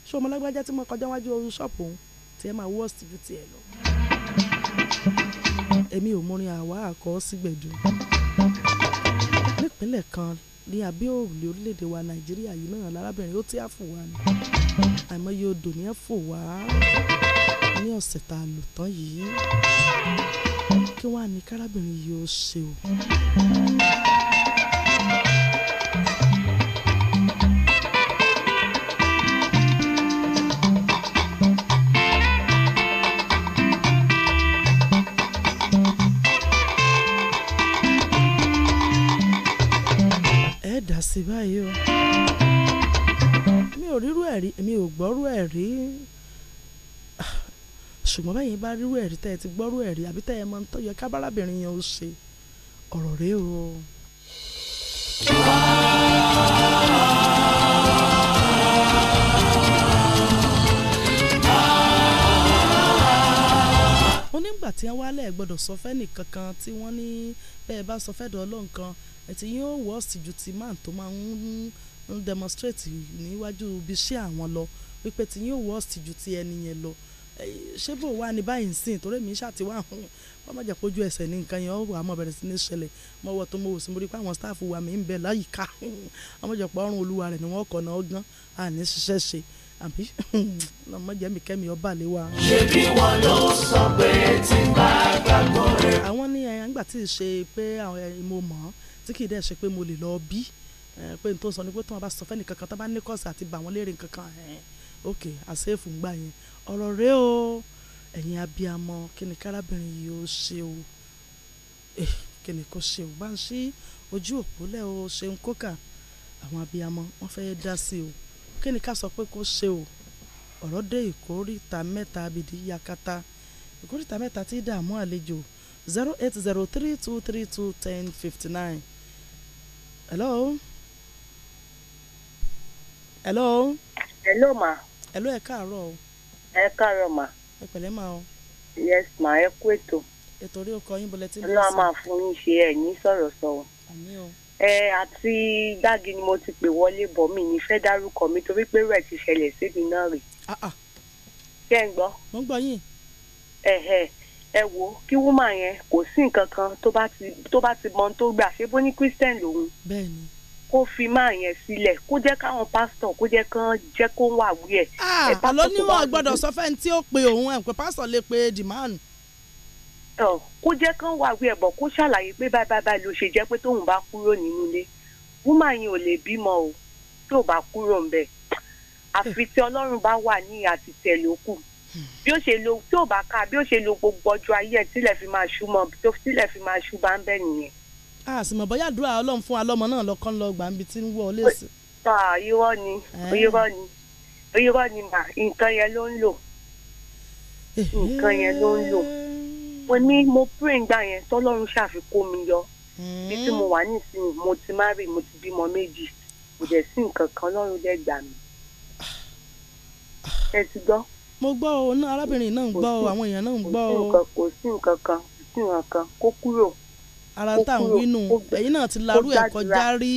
Speaker 2: ṣé ọmọ lágbájá tí mo kọjá wájú ṣọ́ọ̀bù òun tiẹ̀ máa wọ́ọ̀sì ju tiẹ̀ lọ èmi ò mọrin àwa àkọ sígbẹ̀dù nípínlẹ̀ kan ní abíòrùlé orílẹ̀-èdè wa nàìjíríà yìí náà lárábìnrin ó tí a fò wá ni àìmọye odò ni ẹ fò wá ní ọ̀sẹ̀ tá a lò tán yìí kí wàá ní kárábìnrin yìí ó ṣe o. sí báyìí o mi ò rírú ẹ̀ rí mi ò gbọ́rú ẹ̀ rí ṣùgbọ́n bẹ́yìn bá rírú ẹ̀ rí tẹ́ ẹ ti gbọ́rú ẹ̀ rí àbí tẹ́ ẹ mọ tó yẹ kábàrábìnrin yẹn ó ṣe ọ̀rọ̀ rèé o. ó nígbà tí wọ́n wálẹ̀ gbọ́dọ̀ sọ fẹ́ nìkankan tí wọ́n ní bẹ́ẹ̀ bá sọ fẹ́ dọ̀ ọlọ́nkan ẹ̀tí yóò worst ju ti man tó máa ń ń demonstrate níwájú ibi iṣẹ́ àwọn lọ wípé tí yóò worst ju ti ẹni yẹn lọ ṣé bò wá ní báyìí nsìn torí mi ṣàtiwá hàn (laughs) wọ́n má jẹ́ kójú ẹsẹ̀ ní nǹkan yẹn ọ̀rọ̀ àmọ́ sí ní ṣẹlẹ̀ mọ́ wọ́n tó mọ́ òsì mo rí i pé àwọn sítáàfù wa mi ń bẹ̀ láyìíká (laughs) ọmọ ìjọpọ̀ ọrùn olúwa rẹ̀ ni wọ́n kọ̀ náà gán àní ṣiṣẹ́ ṣe àbí ọmọ jẹ́mi kẹ́mi ọba lè wa. ṣebí wọn ló sọ pé tí bá gbàgbọ́ rẹ̀. àwọn ní ẹ̀yàn gbà tí ì ṣe pé mo mọ̀ tí kì í dẹ̀ ṣe pé mo lè lọ bí eh, pé n tó sọ ni pé tí wọ́n bá sọ fẹ́ nìkankan tó bá ní kọ́ọ̀sì àti bà wọ́n léèrè nǹkankan eh, ok àṣẹ́fù ń gbà yẹn ọ̀rọ̀ rẹ o ẹ̀yin abiyamọ kí kárábìnrin yìí ó ṣe o eh, kí kò ṣe o bá ojú òpó lẹ́ o ṣe ń kókà àwọn abiyamọ wọ́n fẹ́ dá sí o kí ká sọ pé kó ṣe o ọ̀rọ̀ dé ìkórìta mẹ́ta abìdí yakata ìkórìta mẹ́ta tí dààmú àlejò zero eight zero three two three two ten fifty nine hello. hello. hello ma. hello ẹ káàárọ̀ o. ẹ káàárọ̀ ma. ẹ pẹ̀lẹ́ ma o. yes ma ẹ kú ètò. ètò orí ọkọ yín bọlẹ tí ń bẹ sí. ọlọ́run máa fún yín ṣe ẹ̀yìn
Speaker 4: sọ̀rọ̀ sọ̀rọ̀. àmín o. ẹ àti gbági ni mo ti pè wọlé bọ̀ mi ní fẹ́ dárúkọ mi torí pé rẹ̀ ti ṣẹlẹ̀ sí mi náà rè. Ah, ah. ṣé ń gbọ́. mo ń gbọ́ yín. ẹ̀hẹ̀ ẹ wo kí wúmà yẹn kò sí nǹkan kan tó bá ti tó bá ti mọ tó gbà ṣé bó ní christian lòun kó fi máa yẹn sílẹ̀ kó jẹ́ káwọn pásítọ̀
Speaker 2: kó jẹ́ kán jẹ́ kó wà wí ah, ẹ̀. àlọ́ níwọ̀n gbọ́dọ̀ sọ fẹ́ni tí ó pe òun ẹ̀ pé pásítọ̀ lè pe dìmánù kó jẹ́ kán wà wí ẹ̀bọ̀ kó ṣàlàyé pé báyìí báyìí
Speaker 4: ló ṣe jẹ́ pé tóun bá kúrò nínú ilé wúmà yẹn ò lè bímọ o tí ò bá kúrò ńbẹ̀ àfi tí ọlọ́run bá wà ní àtìtẹ̀ bí ó ṣe lo tí ò bá ká bí ó ṣe lo gbogbo ọjọ́ ayé ẹ̀ tílẹ̀ fi máa ṣú mọ́ tó tílẹ̀ fi máa ṣú bá ń bẹ̀ nìyẹn.
Speaker 2: a sì mọ̀ bóyá àdúrà ọlọ́run fún alọ́mọ náà lọ́kàn lọ gbà ń bi tí ń wọ ọlé sí.
Speaker 4: irọ́ ni irọ́ ni irọ́ ni mà
Speaker 2: nǹkan yẹn ló
Speaker 4: ń lò nǹkan yẹn ló ń lò mo ní mo pray ngbà yẹn tọ́lọ́run ṣàfikún mi yọ bí tí mo wà nísìnyí mo ti má rí mo ti bímọ méjì kò dẹ̀ sí nǹkan kan lọ́run dẹ̀ gbà
Speaker 2: mí ah. Ah. ẹ ti gbọ́ mo gbọ́ o náà arábìnrin náà ń gbọ́ o àwọn èèyàn náà ń gbọ́ o. kò sí nǹkan kan kò sí nǹkan kan kó kúrò. ara tá à ń wínú ẹ̀yin náà ti larú ẹ̀ kọjá rí.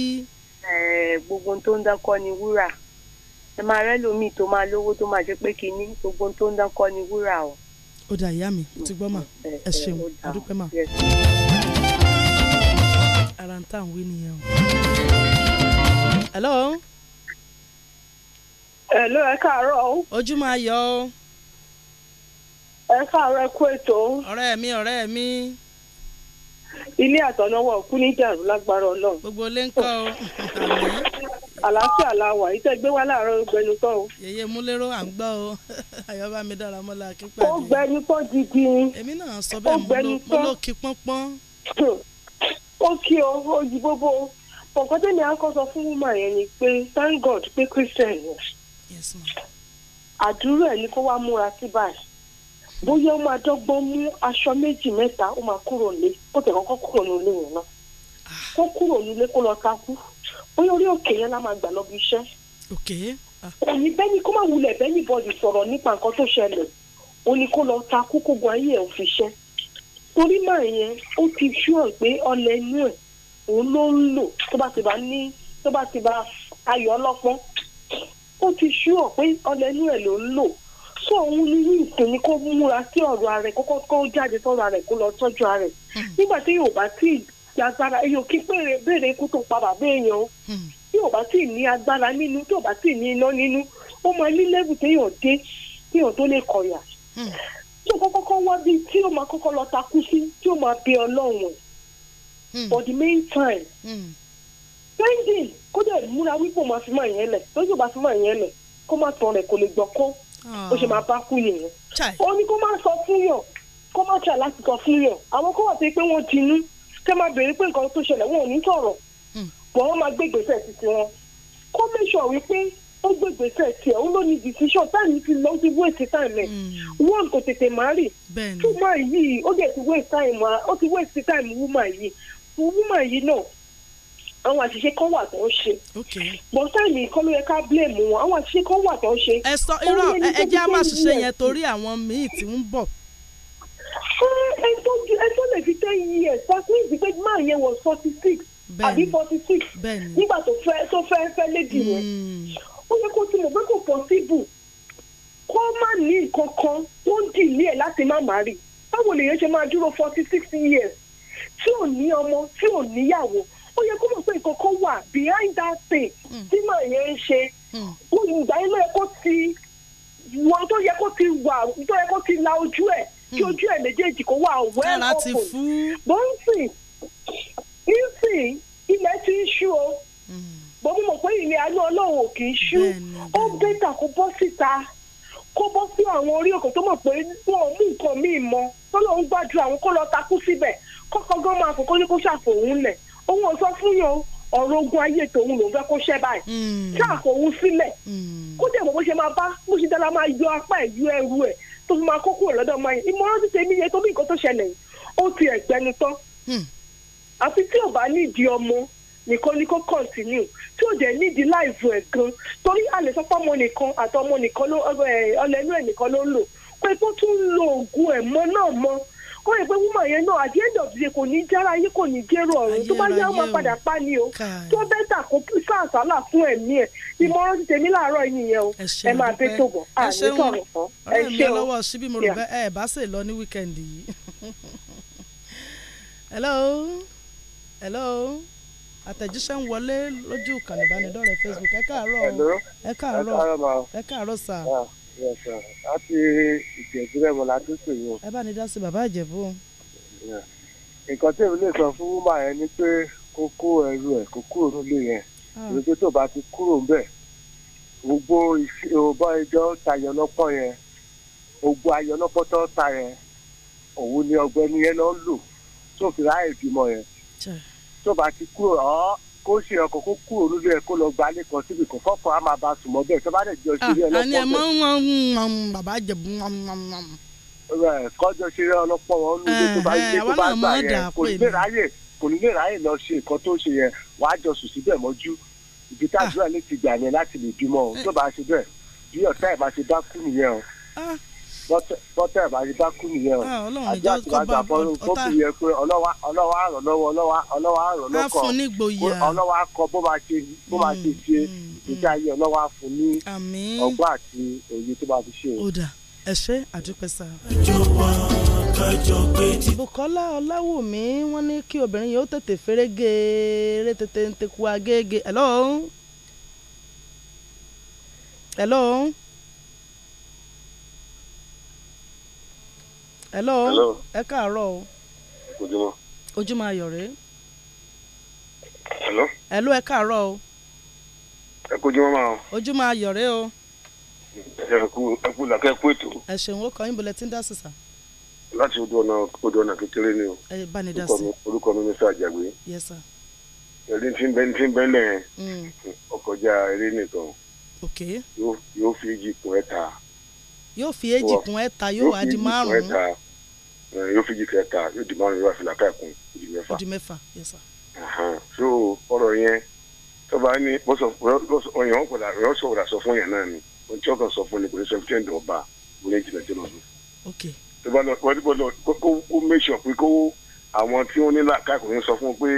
Speaker 2: gbogbo tó ń dán ni wúrà
Speaker 4: ẹ máa rẹ́ lómi tó máa lówó tó máa ṣe pé kinní gbogbo tó ń dán ni wúrà o.
Speaker 2: ó dà ìyá mi ti gbọ́ mà ẹ ṣeun àdúpẹ́ mà. ara tá à ń wí nìyẹn o ẹ ló ẹ káàárọ̀ o. ojú máa yọ o. ẹ káàárọ̀ ẹ kú ètò. ọ̀rẹ́ mi ọ̀rẹ́ mi. ilé àtọ̀nàwọ̀ kú ní jàrú lágbára ọlọ́run. gbogbo ilé ń kọ́ o. (laughs) àlàáfíà la wà yìí tẹ́ gbé wá láàárọ̀ gbẹnu kọ́ o. yèyé múlẹ́rọ̀ à ń gbọ́ o àyọ̀bá (laughs) mi dára mọ́lá kí pàdé. ó gbẹnu kọ́ gidi. èmi náà sọ bẹ́ẹ̀ mo ló kí pọ́npọ́n. ó
Speaker 4: kí o ó yí bóbó. ọ̀gọ́dẹ́ni akọ́sọ fún wúmà yẹn ni pé thank God pé Christian yẹn àdúrà ẹ̀ ni kó wá múra sí báyìí bóyá ó máa dọ́gbọ́n mú aṣọ méjì mẹ́ta ó máa kúrò nílé kó tẹ̀ kọ́kọ́ kúrò nílé yẹn náà ah. kó kúrò nílé kó lọ takú bóyá orí òkè yẹn la máa gbà lọ́bi iṣẹ́. Ah. òní bẹ́ni kó máa wulẹ̀ bẹ́ni bọ́ọ̀dì sọ̀rọ̀ nípa nǹkan tó ṣẹlẹ̀ òní kó lọ takú kó gun ayé ẹ̀ òfin iṣẹ́ torí màá yẹn ó ti ṣúọ̀ pé ọlẹ̀ inú ẹ̀ òun ló ń lò tó bá ti bá ayọ̀ ọlọ́pọ́n ó ti ṣúọ̀ pé ọlẹ́ inú ẹ̀ ló ń lò so òun ní ní ìsinmi kó múra sí ọ̀rọ̀ ara ẹ̀ kókó kó jáde sọ̀rọ̀ ara ẹ̀ kó lọ tọ́jú ara ẹ̀ hmm. nígbà tí yóò bá tí agbára èèyàn kí péré béèrè ikú tó pa bàbá èèyàn hmm. tí yóò bá tí ní agbára nínú tí yóò bá tí ní iná nínú ó máa ní lẹ́bù téèyàn dé téèyàn tó lè kọ̀yà tó hmm. kọ́kọ́ kọ́ wá bíi tí ó máa kọ́kọ́ lọ takú sí tí ó máa bẹ ọlọ́run for the meantime. Mm grinding kó dẹ̀ múra wípé o máa fi máa yẹn lẹ̀ lójú ò bá fi máa yẹn lẹ̀ kó má tán rẹ̀ kó lè gbọ́ kó ah. ó ṣe máa bá kú nìyẹn. ó ní kó má sọ fún yàn kó má ṣà láti sọ fún yàn àwọn kó wà sí pé wọ́n tinú kẹ́ máa béèrè pé nǹkan tó ṣẹlẹ̀ wọn ò ní sọ̀rọ̀ hmm. bọ̀ wọ́n máa gbé ìgbésẹ̀ títí wọn kó mẹ́sọ̀ wípé ó gbé ìgbésẹ̀ tiẹ̀ ó ló ní decision táàmì ti lọ sí waste time ẹ̀ hmm. one kò tètè má rì two máa yìí ó dẹ̀ ti waste time ó ti waste time woman yìí woman yìí náà àwọn àṣìṣe kan wà tó ń ṣe. bọ́n táìmì kan yẹ ká blame wọn àwọn àṣìṣe kan wà tó ń ṣe. ẹ sọ irọ́ ẹ jẹ́ àmọ́ àṣìṣe yẹn torí
Speaker 2: àwọn míì tí ń bọ̀.
Speaker 4: ẹ tó lè fi ten years that means pé máa yẹn wọ forty six àbí forty six nígbà tó fẹ́ tó fẹ́ fẹ́ lédi yẹn. Hmm. ó yẹ kó ti mọ̀ pé kò possible kó má ní nǹkan kan tó ń dì ní ẹ̀ láti má má rí báwo lèyẹn ṣe máa dúró forty six years tí ò ní ọmọ tí ò níyàwó pé nǹkan wà behind that thing hmm. tí màá yẹn ń ṣe hmm. ìgbà yẹn ló yẹ kó ti wọn tó yẹ kó ti wà tó yẹ kó ti la ojú ẹ̀ kí hmm. ojú ẹ̀ méjèèjì kó wà well open bó ń sìn ń sìn ilẹ̀ ti ń ṣú o bó mo mọ̀ pé ilé ayé ọlọ́run ò kì í ṣú ó bẹ́tà kó bọ́ síta kó bọ́ sí àwọn orí òkè tó mọ̀ pé wọn ò mú nǹkan míì mọ́ tọ́lọ́ ń gbàdúrà àwọn kó lọ takú síbẹ̀ kọ́kọ́ gan máa fò kó ní kó ṣàfòhún lẹ̀ òun ò sọ fún yàn ọ̀rọ̀ ogun ayé tòun lòún fẹ́ kó ṣẹ́ báyìí hmm. ṣáà fòun sílẹ̀ hmm. kó dẹ̀ mọ̀ bó ṣe máa bá bó ṣe dára máa yọ apá ẹ̀ yọ ẹrù ẹ̀ tó fi máa kó kúrò lọ́dọ̀ máa yẹn ìmọ̀ràn ti tèmi yẹ tó bí nǹkan tó ṣẹlẹ̀ yìí ó ti ẹ̀gbẹ́nu tán hmm. àfi tí ò nídìí ọmọ nìkan ni kó continue tí ò dẹ̀ nídìí láìvù ẹ̀ gan torí a lè sọ pé ọmọ nìkan àtọmọ nìkan ló ọlẹ́nu ẹ̀ nìkan ló ń lò pé tó tún lo òògùn ẹ̀ mọ́ náà mọ́ kó rẹ̀ pé woman yẹn náà àti end of the day kò ní jára yín kò ní tó bá yá ọmọ padà pa ni o tó bẹta kó fún ẹ̀mí mi ti tèmi
Speaker 2: o ẹ máa bẹ tó bọ̀ àní sọ̀rọ̀ fún ẹ ṣe o. (laughs) hello hello àtẹ̀jíṣẹ́ ń wọlé lójú
Speaker 3: Facebook láti ìjẹ̀bú rẹ̀ mọ̀ láti pè yín o.
Speaker 2: ẹ bá ní dá sí bàbá ìjẹ̀bú.
Speaker 3: nǹkan tí èmi lè sọ fún wúmà yẹn ni pé kó kó ẹrù ẹ̀ kó kúrò nílé yẹn ìrètí ah. tó bá ti kúrò ń bẹ̀ gbogbo ìṣòro ìjọ tayọ lọ́pọ̀ yẹn gbogbo ayọ lọ́pọ̀ tó ta yẹn òun ni ọ̀gbẹ́ni yẹn lọ ń lò tó fi ráàyè bímọ yẹn tó bá ti kúrò ọ́ kó ṣe ọkọ̀ kó kúrò lórí ẹ̀ kó lọ gba alẹ́ kan síbi kan kọ́kọ́ á máa bá a sùn mọ́ bẹ́ẹ̀ tó bá dẹ̀ jọ ah, ṣeré ọlọ́pọ̀ bẹ́ẹ̀. àní ẹ máa ń
Speaker 2: wọn ń wọn bàbá jẹ̀bú wọn wọn.
Speaker 3: kọjọ ṣeré ọlọ́pọ̀ wọn ló dé tó bá eh, dé eh, tó bá gbà yẹn kò ní lè ráyè kò ní lè ráyè lọ ṣe nǹkan tó ṣe yẹn wàá jọ sùn síbẹ̀ mọ́jú ibi táàdúrà ah. lè ti gbà yẹn láti lè bímọ eh. tó bá ṣe bẹ́ẹ̀ bí ọ̀tá ẹ̀ máa ṣe bá kú nìyẹn o. Ah bọ́tẹ̀ àbáríta eh, kú nìyẹn o àti àtìwájú àbọ̀rún fókù yẹ pé ọlọ́wọ́ àrọ̀ lọ́wọ́ ọlọ́wọ́ àrọ̀ lọ́kọ̀ ọlọ́wọ́ akọ bó bá ṣe bó bá ṣe mm, ṣe mm, ìdíje ayé mm. ọlọ́wọ́ àfún ní ọgbọ́n àti òye tó bá fi ṣe o.
Speaker 2: ẹ ṣe àdúpẹ́ Ọláwùmí wọ́n ní kí obìnrin yìí tètè fẹ́rẹ́ gèèrè tètè ń tẹkuwa gèègè hello hello. hello ẹ káàárọ̀ o. ojúmọ́. ojúmọ́ ayọ̀ rèé. hello. hello ẹ káàárọ̀ o. ẹ kó ojúmọ́ máa o. ojúmọ́ ayọ̀ rèé o. ẹ kú ẹ kú làkẹ́ kú ètò. ẹ ṣeun ó kàn yín bọ̀lẹ̀ tí ń dá sísà.
Speaker 5: láti odò ọ̀nà odò ọ̀nà kékeré ni o.
Speaker 2: ẹ bá ní dá sí.
Speaker 5: orúkọ mi Mr. Àjàgbé. yes sir. eré tí ń bẹ́ tí ń bẹ́ lẹ̀ ọkọjá mm. eré nìkan. ok. yóò fi èjì kún ẹ̀ta.
Speaker 2: yóò fi èjì kún ẹ̀ta yóò wá di márùn-ún
Speaker 5: Eh, yófìjì kẹta yóò di márùn yóò wá fìlà káàkùn ìdí mẹ́fà. ìdí
Speaker 2: mẹ́fà yes sir.
Speaker 5: so ọ̀rọ̀ yẹn tọba ni ọyàn ọpọlọ ọyàn sọwọlá sọ fún yàn náà ni ohun tí ọkàn sọ fún ni kò ní sọ fún kẹ́ńdọ̀ ọba kò ní jìnnà jìnnà ọdún. ok. tọba lọ wọ́n ti bọ̀ lọ kó make sure pé kó àwọn tí wọ́n ní làákàkùn sọ fún pé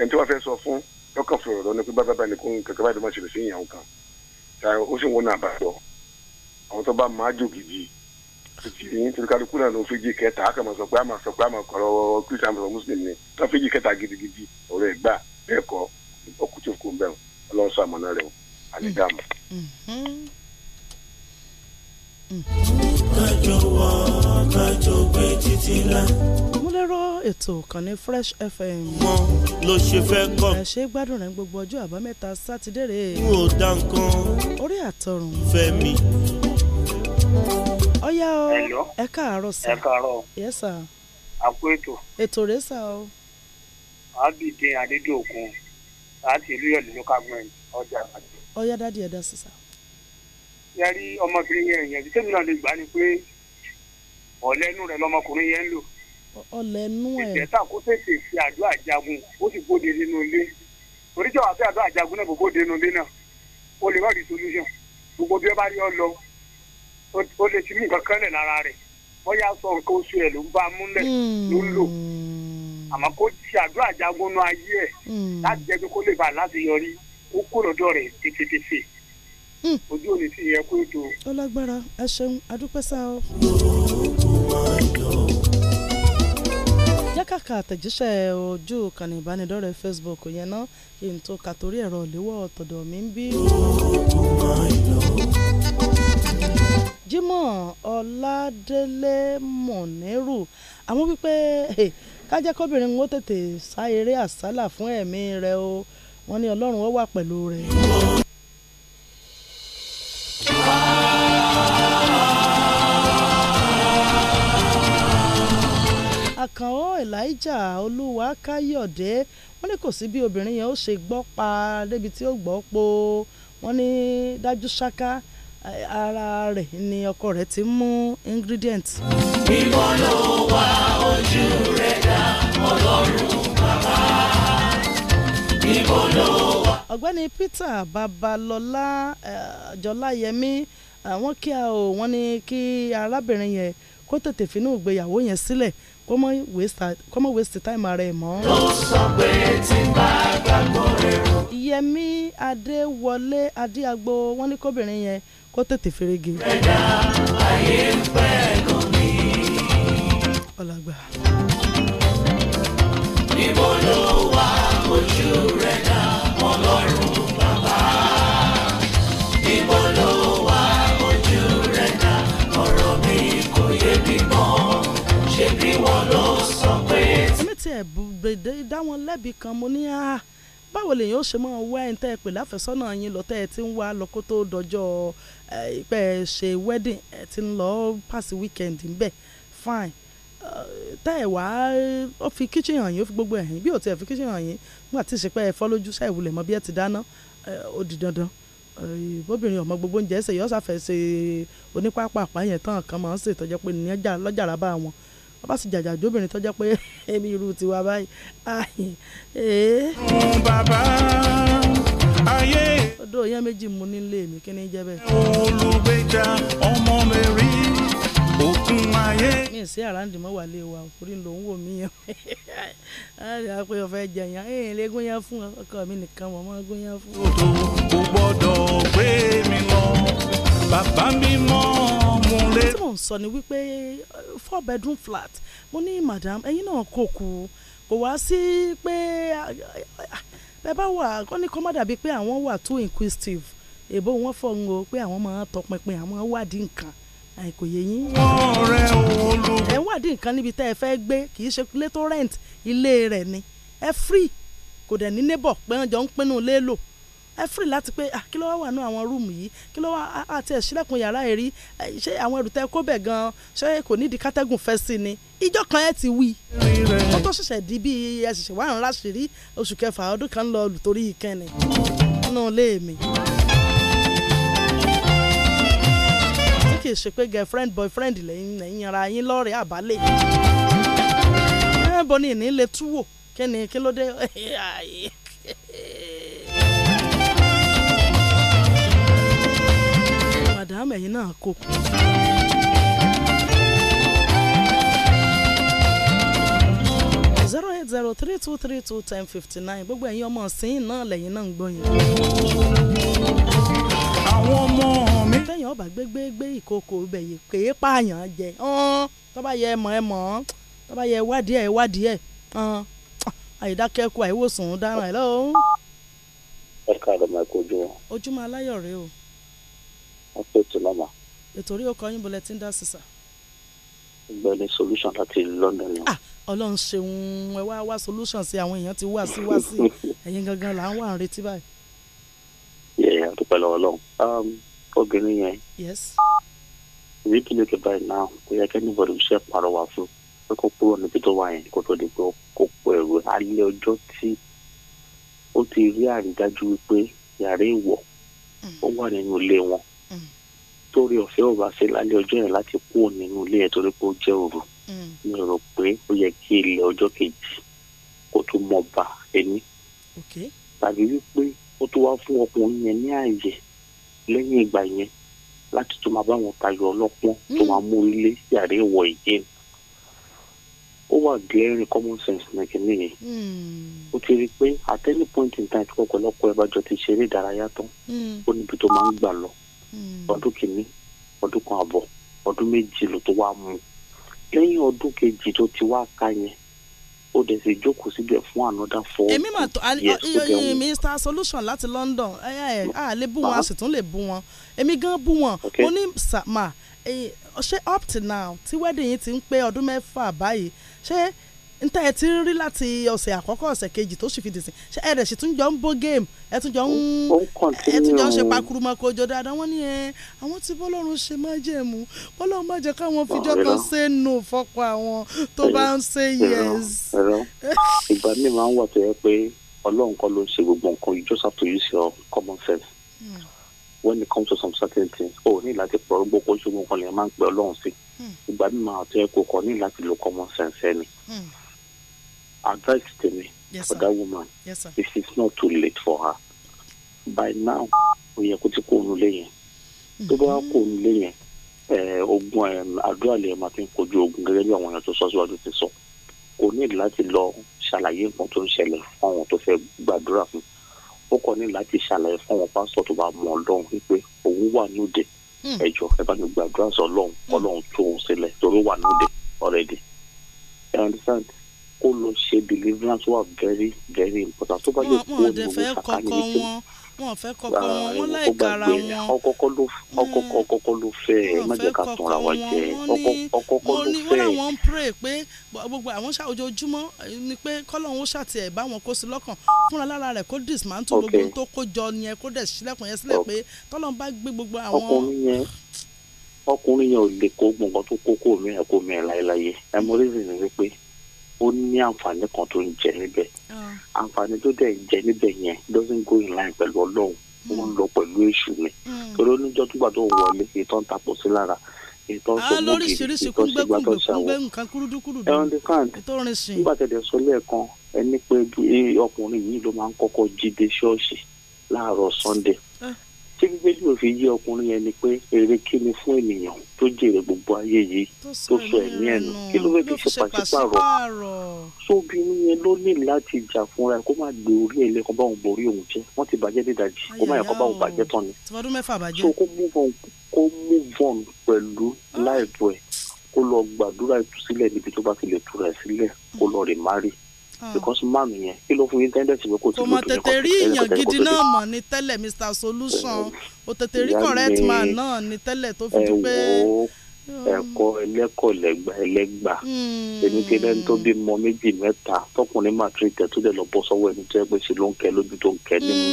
Speaker 5: ẹni tí wọ́n fẹ́ sọ fún lọ́kàn fọ̀rọ̀ lọ ni pé bàbá bá ní kó kẹ̀kẹ́ bá dé má ṣẹlẹ̀ sí ìyàwó kan. ó sì wọ́n náà bá lọ àwọn tó máa jò gidi kìrìsìtì ní torí kálukú náà ló fẹ́jì kẹta a kàn máa sọ pé a máa sọ pé a máa kọ̀rọ̀ kírísítà sọ mùsùlùmí ni wọ́n fẹ́jì kẹta gidigidi ọ̀rọ̀ ẹ̀gbà bẹ́ẹ̀ kọ́ ọkùn tó kún bẹ́ẹ̀ ọlọ́run sọ àmọ́ náà rẹ̀ wọ́n àní dààmú.
Speaker 6: kájọ wọ
Speaker 2: ètò kan fresh fm. wọn
Speaker 1: ló ṣe fẹ́ kọ́. ẹ
Speaker 2: ṣe gbádùn rẹ̀ gbogbo ọjọ́ àbámẹ́ta sátidé rèé. n ò dá nǹkan. orí àtọrùn. fẹ́mi ọyá o ẹ káàárọ̀ sá ẹ
Speaker 3: káàárọ̀ yẹ sá. àpò ètò. ètò rẹ sá o. abidin adédọ̀gùn láti ìlú yọ̀lú local government ọjà àbàjẹ́.
Speaker 2: ọyá dádì ẹ̀dá sísá.
Speaker 3: yarí ọmọkùnrin yẹn yẹn títí mi náà lè gbà ni pé ọ̀lẹ́nu rẹ̀ lọmọkùnrin yẹn ń lò.
Speaker 2: ọ̀lẹ́nu ẹ̀. ìjẹta
Speaker 3: kó tètè fi àdúrà jagun ó sì bóde nínú ilé torí jọ̀wọ́ àti àdúrà jagun náà kò bóde nínú ilé náà ó lè rọ́ọ̀dì solution gbogbo bí ó bá rí ọ lọ o lè ti mú nǹkan lẹ̀ lára rẹ̀ bóyá sọ nǹkan oṣù ẹ̀ ló ń bá a múlẹ̀ ló ń lò àmọ́ kó ṣe àdúrà jagunú ayé ẹ̀ hmm. láti jẹ́ pé kó lè bá a láti yọrí ó kó lọ́dọ̀ rẹ̀ tètètètè
Speaker 2: hmm. ojú òní ti yẹ kó ètò. ó lágbára ẹ ṣeun adúpẹ́ sá o. jákàkà àtẹ̀jíṣẹ́ ojú Facebook yẹn náà n tó kàtórí ẹ̀rọ Jimoh Ọládélé Mọ̀nẹ́rù àwọn wípé ká jẹ́ kóbìnrin tètè sá eré àsálà fún ẹ̀mí rẹ̀ o wọ́n ní Ọlọ́run ó wà pẹ̀lú rẹ̀. Àkànó Elijah Olúwakáyọ̀dé wọ́n ní kò sí bí obìnrin yẹn ó ṣe gbọ́ pa débi tí ó gbọ́ po wọ́n ní dájú ṣáká ara rẹ̀ ni ọkọ rẹ̀ ti mú ingredient.
Speaker 1: ìwọ ló wá ojú rẹ̀ dá ọlọ́run bàbá ìwọ ló wá.
Speaker 2: ọ̀gbẹ́ni Peter Babalọ́lá eh, Jọláyẹmí eh, wọ́n kí a ò wọ́n ní kí arábìnrin yẹn kó tètè finú ìgbéyàwó yẹn sílẹ̀ kó mọ̀ waste time ara ẹ̀ mọ́. ló sọ pé tí bá gbàgbọ́ rẹ̀ rò. Yẹmí Adéwọlé Adéagbo wọ́n ní kóbìnrin yẹn kó tètè ferege. ẹ̀dá ayé ń pẹ́ gan ni. ọ̀làgbà. níbo ló wà
Speaker 1: ojú rẹ̀ dá ọlọ́run bàbá? níbo ló wà ojú rẹ̀ dá ọ̀rọ̀ mi kò yé mi mọ́ ṣé bí wọ́n ló sọ pé. èmi tiẹ̀ bèdè dá wọn lẹ́bi kan
Speaker 2: mo ní á báwo lèèyàn ó ṣe máa wá ẹni tẹ́ ẹ pè láfẹ́sọ́nà yín lọ ẹ ti ń wá lọ tó dọjọ́ ọ pẹ́ ẹ ṣe wedding ẹ ti ń lọ pass weekend ńbẹ̀ fine tẹ́ ẹ̀ wá ó fi kitchen hàn yín ó fi gbogbo ẹ̀hìn bí ò tiẹ̀ fi kitchen hàn yín nígbà tí ìṣepẹ́ ẹ fọ́ lójú ṣáà ìwúlẹ̀ mọ́ bí ẹ ti dáná ó di dandan bóbìnrin ọmọ gbogbo oúnjẹ ṣe yọ́ sàfẹ́ ṣe onípápápá yẹn tán kan máa ń ṣe tọ́jọ́ pé nìyẹn lọ́jàrá bá wọn wọ́n bá sì jàjà jóbìnrin tọ́jọ́ pé (laughs) èmi irú tiwa báyìí. Eh. bàbá ayé
Speaker 1: odò yẹn méjì mú nílé mi kí ni jẹ́
Speaker 6: bẹ́ẹ̀. olùgbèjà ọmọ mi rí òkun ayé. mi
Speaker 2: ì sí àràǹdì mọ́ wà wa orí ló ń wò mí yẹn láti (laughs) wá pé ọ̀fẹ́ jẹ yẹn ẹ̀yìn lé gúnyán fún ọkọ mi nìkan mọ̀ mọ́ gúnyán fún. odò kò gbọ́dọ̀ gbé mi lọ bàbá mi mọ́ mo lè. tí mò ń sọ ni wípé four bedroom flat mo ní madam ẹ̀yin náà kò kú kò wá sí pé bẹ́ẹ̀ bá wà kọ́ ní kọ́ má dàbí pé àwọn wà too inquisitive èbó wọn fọ̀hún o pé àwọn máa tọpinpin àwọn wádìí nǹkan àìkò yẹ yín. wọ́n wádìí nǹkan níbi tẹ́ ẹ fẹ́ gbé kì í ṣe ilé tó ilé rẹ̀ ni ẹ free kò dẹ̀ ní neighbor pé wọ́n jọ ń pinnu lé lò ẹ fìrì láti pé ah, kí ló wá wà nù àwọn rúùmù yìí kí ló wá àti ẹ̀ṣílẹ̀kùn yàrá ẹ̀ rí ṣé àwọn ẹrù tẹ kó bẹ̀ gan ṣé kò nídìí kátẹ́gùn fẹ́ sí ni ìjọ kan ẹ ti wí ó tó ṣẹ̀ṣẹ̀ di bí ẹ ṣẹ̀ṣẹ̀ wà ń láṣìírí oṣù kẹfà ọdún kan lọ lù torí ìkẹ́ni nínú ilé mi. tí kì í ṣe pé girlfriend boyfriend lẹ́yìn lẹ́yìn ara yín lọ́rẹ̀ẹ́ àbálẹ̀ ẹ̀ bọ́ ni ìní le túwò kí ni kí ló dé (laughs) màdámù ẹ̀yin náà kò. zero eight zero three two three two ten fifty nine gbogbo ẹ̀yin ọmọ ọ̀sìn náà lẹ́yìn náà ń gbọ́ yẹn. àwọn ọmọ mi. tẹ́yìn ọba gbégbé gbé ìkòkò ibẹ̀ yìí kéé pààyàn jẹ tọ́ba yẹ ẹ̀mọ́ ẹ̀mọ́ tọ́ba yẹ ìwádìí ẹ̀ ìwádìí ẹ̀ àyídákẹ́kọ̀ọ́ àìwòsàn dáràn ẹ̀ lọ́wọ́.
Speaker 3: ẹ káàárọ̀ máa kojú wọn.
Speaker 2: ojúmọ́ aláyọ̀ rèé o
Speaker 3: wọ́n ṣètò lọ́la.
Speaker 2: ètò orí ọkọ yín bọ̀lẹ̀ tí ń dá sísà.
Speaker 3: ìgbẹ́ni solution láti London yẹn. ah
Speaker 2: ọlọ́run ṣeun ẹ wá wá solution sí àwọn èèyàn ti wá sí wá sí (laughs) ẹ̀yin gangan là ń wà ń retí báyìí.
Speaker 3: yẹ àdúpẹ́ lọ́wọ́ lọ́hùn um, obìnrin yẹn. yes. ìwé ìpínlẹ̀ kẹba yìí náà kò yẹ kẹ́ni bọ̀dọ̀ ṣe pàrọwà fún pé kó kúrò níbi tó wà yẹn kó tó di pé kó pọ̀ ẹ̀rọ alẹ́ ọjọ́ tí ó ti rí àrídájú wípé yàrá ìwọ̀ mm. ó wà nínú ilé wọn torí ọ̀fẹ́ ò bá ṣe lálẹ́ ọjọ́ yẹn láti kú nínú ilé ẹ̀ torí pé ó jẹ́ òru mm. mi ò rò pé ó yẹ kí ilẹ̀ ọjọ́ kejì kó tó mọ ba ẹni tàbí wípé ó tó wá fún ọkùnrin yẹn ní ààyè lẹ́yìn ìgbà yẹn láti tó máa bá wọn tayọ ọlọ́pọ́n tó mm. máa mú ilé yàrá ìwọ̀ ìyẹn ó wà glaring common sense nìkan nìyẹn
Speaker 1: mm.
Speaker 3: ó ti rí i pé at any point in time tí ọ̀pọ̀lọpọ̀ ẹ bá jọ ti ṣeré ìdárayá tán ó níbi tó máa ń gbà lọ. Hmm. ọdún kìíní ọdún kan àbọ̀ ọdún méjì ló tó wá mú lẹ́yìn ọdún kejì tó ti wá ká yẹn ó dẹ̀ sì jókòó síbẹ̀ fún another four years. èmi mà
Speaker 2: tó Mr Solution láti London a lè bú wọn a uh-huh. sì tún lè bú wọn èmi gan bú wọn mo ní sàmà ṣé up to now tí wedding yìí ti ń pé ọdún mẹ́fà báyìí ṣé níta ẹ ti ń rí láti ọ̀sẹ̀ àkọ́kọ́ ọ̀sẹ̀ kejì tó sì fi dìsìn ṣe ẹ rẹ̀ sì tún jọ ń bó géèmù ẹ tún jọ ń ẹ tún jọ ń ṣe pakurumako jọ dáadáa wọ́n ní ẹ àwọn tí bọ́lọ́run ṣe má jẹ́ mu bọ́lọ́run má jẹ́ káwọn fìjọ́ kan ṣe nù fọ́kọ àwọn tó bá ń ṣe yẹs. ìgbà
Speaker 3: míì máa ń wà tó yẹ pé ọlọ́run kọ́ ló ń ṣe gbogbo nǹkan you just have to use your common hmm. ní láti pọ̀ gbogbo kó ṣe gbogbo lè máa ń pẹ́ ọlọ́run sí hmm. ìgbà míì máa tó yẹ ní láti lo common sense ẹni. Hmm advice to me yes, for sir. that woman yes, sir. if it's not too late for her by now We are going to kó onú lẹ́yìn tó bá kó onú lẹ́yìn eh, ogun àdúrà lè máa fi ń kojú ogun gẹ́gẹ́ bí àwọn èèyàn tó sọ síwájú ti sọ kò ní láti lọ ṣàlàyé nǹkan tó ń ṣẹlẹ̀ fún àwọn tó fẹ́ gbàdúrà fún ó kàn ní láti ṣàlàyé fún àwọn pásítọ̀ tó bá mọ̀ Ọlọ́run wípé òun wà nídè hmm. ẹjọ́ ẹ bá ní gbàdúrà sọ Ọlọ́run hmm. Ọlọ́run tó òun sílẹ̀ torí wà nídè already. You understand? kó lọ ṣe deliverance wa very very important tó bá lè kó lọ sàkánì ní sẹ́yìn wọn fẹ́ kọ́kọ́ ah, wọn wọn láì kára wọn. ọkọkọ ọkọkọ ló fẹ́ ẹ má jẹ́ ká tanra wa jẹ ọkọkọ ló fẹ́. wọ́n mm. láwọn
Speaker 2: ń pray pé gbogbo àwọn ojoojúmọ́ ni pé kọ́lọ́hún ó ṣàtì bá wọn kó sí lọ́kàn fúnra lára rẹ̀ kó dismantle gbogbo tó kó jọ yẹn kó dẹ̀ sílẹ̀kùn yẹn sílẹ̀ pé tọ́lọ́hún
Speaker 1: bá gbé gbogbo àwọn. ọkùnrin
Speaker 3: yẹn ọkùnrin yẹn ò lè kó gbọ̀ngàn tó kókó mi ẹ̀ kó mi ẹ̀ láéláyé ẹ̀ mọ mm ó ní àǹfààní kan tó ń jẹ níbẹ̀ ah. àǹfààní tó dẹ̀ jẹ níbẹ̀ yẹn doesn't go in line pẹ̀lú ọlọ́run ó ń lọ pẹ̀lú èṣù ni hmm. torí ó níjọ́ tó gbà tó wọlé ìtàn tapọ̀ sí lára ìtàn sọ ah, mọ́bì ìtàn ṣègbà tó ṣàwọ̀ ẹran de kan nígbà tẹ̀lé sọ lẹ́ẹ̀kan ẹni pé eh, ọkùnrin yìí ló máa ń kọ́kọ́ jí dé ṣọ́ọ̀ṣì láàárọ̀ Sunday tí bíbélì òfin yé ọkùnrin yẹn ni pé èrè kí ni fún ènìyàn tó jèrè gbogbo ayé yìí tó sọ ẹ̀mí ẹ̀ nù kí ló fẹ́ fi ṣe pàṣípààrọ̀ sóbìnrin yẹn ló ní láti jà fúnra ẹ̀ kó má gbé orí ẹ̀ lẹ́kọ̀ọ́ báwọn borí òun jẹ́ wọ́n ti bàjẹ́ dídàjì kó má yẹ kó báwọn bàjẹ́ tán ni so kó move on kó move on pẹ̀lú ah. láìpẹ́ kó lọ gbàdúrà ìtúsílẹ̀ níbi tó bá ti lè tura ẹ̀ sílẹ̀ kó lọ rè má rí Hmm. because máa mi yẹn kí ló fún yín tẹ́ndẹ̀sì pé kò tí tètè rí ìyàn gidi náà
Speaker 2: mọ̀ ní tẹ́lẹ̀ Mr Solution o tètè rí correct man náà
Speaker 3: ní tẹ́lẹ̀ tó fi di ẹ̀kọ́ hmm. ẹlẹ́kọ̀ lẹ́gbà ẹlẹ́gbà hmm. èmi ti lẹ́ni tó bí mọ méjì mẹ́ta tọkùnrin màtírìtẹ̀ tó dẹ̀ lọ bọ́ sọ́wọ́ ẹni tó yẹ pé ṣe ló ń kẹ́ lójú tó ń kẹ́ nínú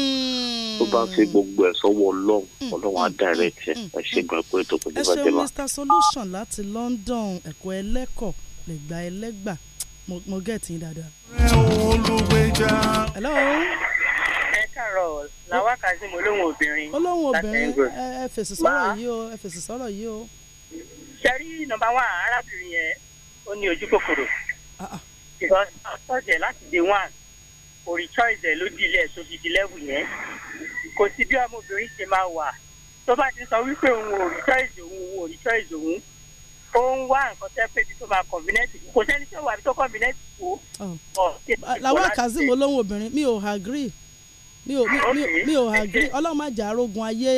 Speaker 3: tó bá fi gbogbo ẹ̀ sọ́wọ́ ọlọ́run ọlọ́run á direct ẹ̀ ẹ̀ ṣe gan pé ètò kò ní bàjẹ́ bá. ẹ ṣeun
Speaker 2: Mr Solution láti London ẹ̀kọ́ ẹlẹ́kọ̀ lẹ́gbà ẹlẹ́gbà mo get yín dáadáa. hello. ẹ káàárọ̀ làwọn
Speaker 1: kàdí mo lóhùn obìnrin. olóhùn obìnrin
Speaker 2: ẹ fèsì sọ̀rọ̀ yìí o ẹ fèsì sọ̀rọ̀ yìí o.
Speaker 4: sẹ́rí nọ́mbà wà arábìnrin yẹn ó ní ojú kòkòrò. Ah, ah. because ọ̀sẹ̀ láti day one orí choice ẹ̀ ló di ilé ẹ̀ tó fi di lẹ́wù yẹn kò sí bí ọmọbìnrin ṣe máa wà tó bá ti sọ wípé òun ò rí choice òun òun ò rí choice òun ó ń wá nǹkan tẹ́ pé ibi tó máa kọ̀mínẹ́tì kò sẹ́ni tí wà tó kọ̀mínẹ́tì kó. làwọn kazeem
Speaker 2: olóhùn obìnrin mi ò agree mi ò mi ò agree ọlọ́run má jà arógun ayé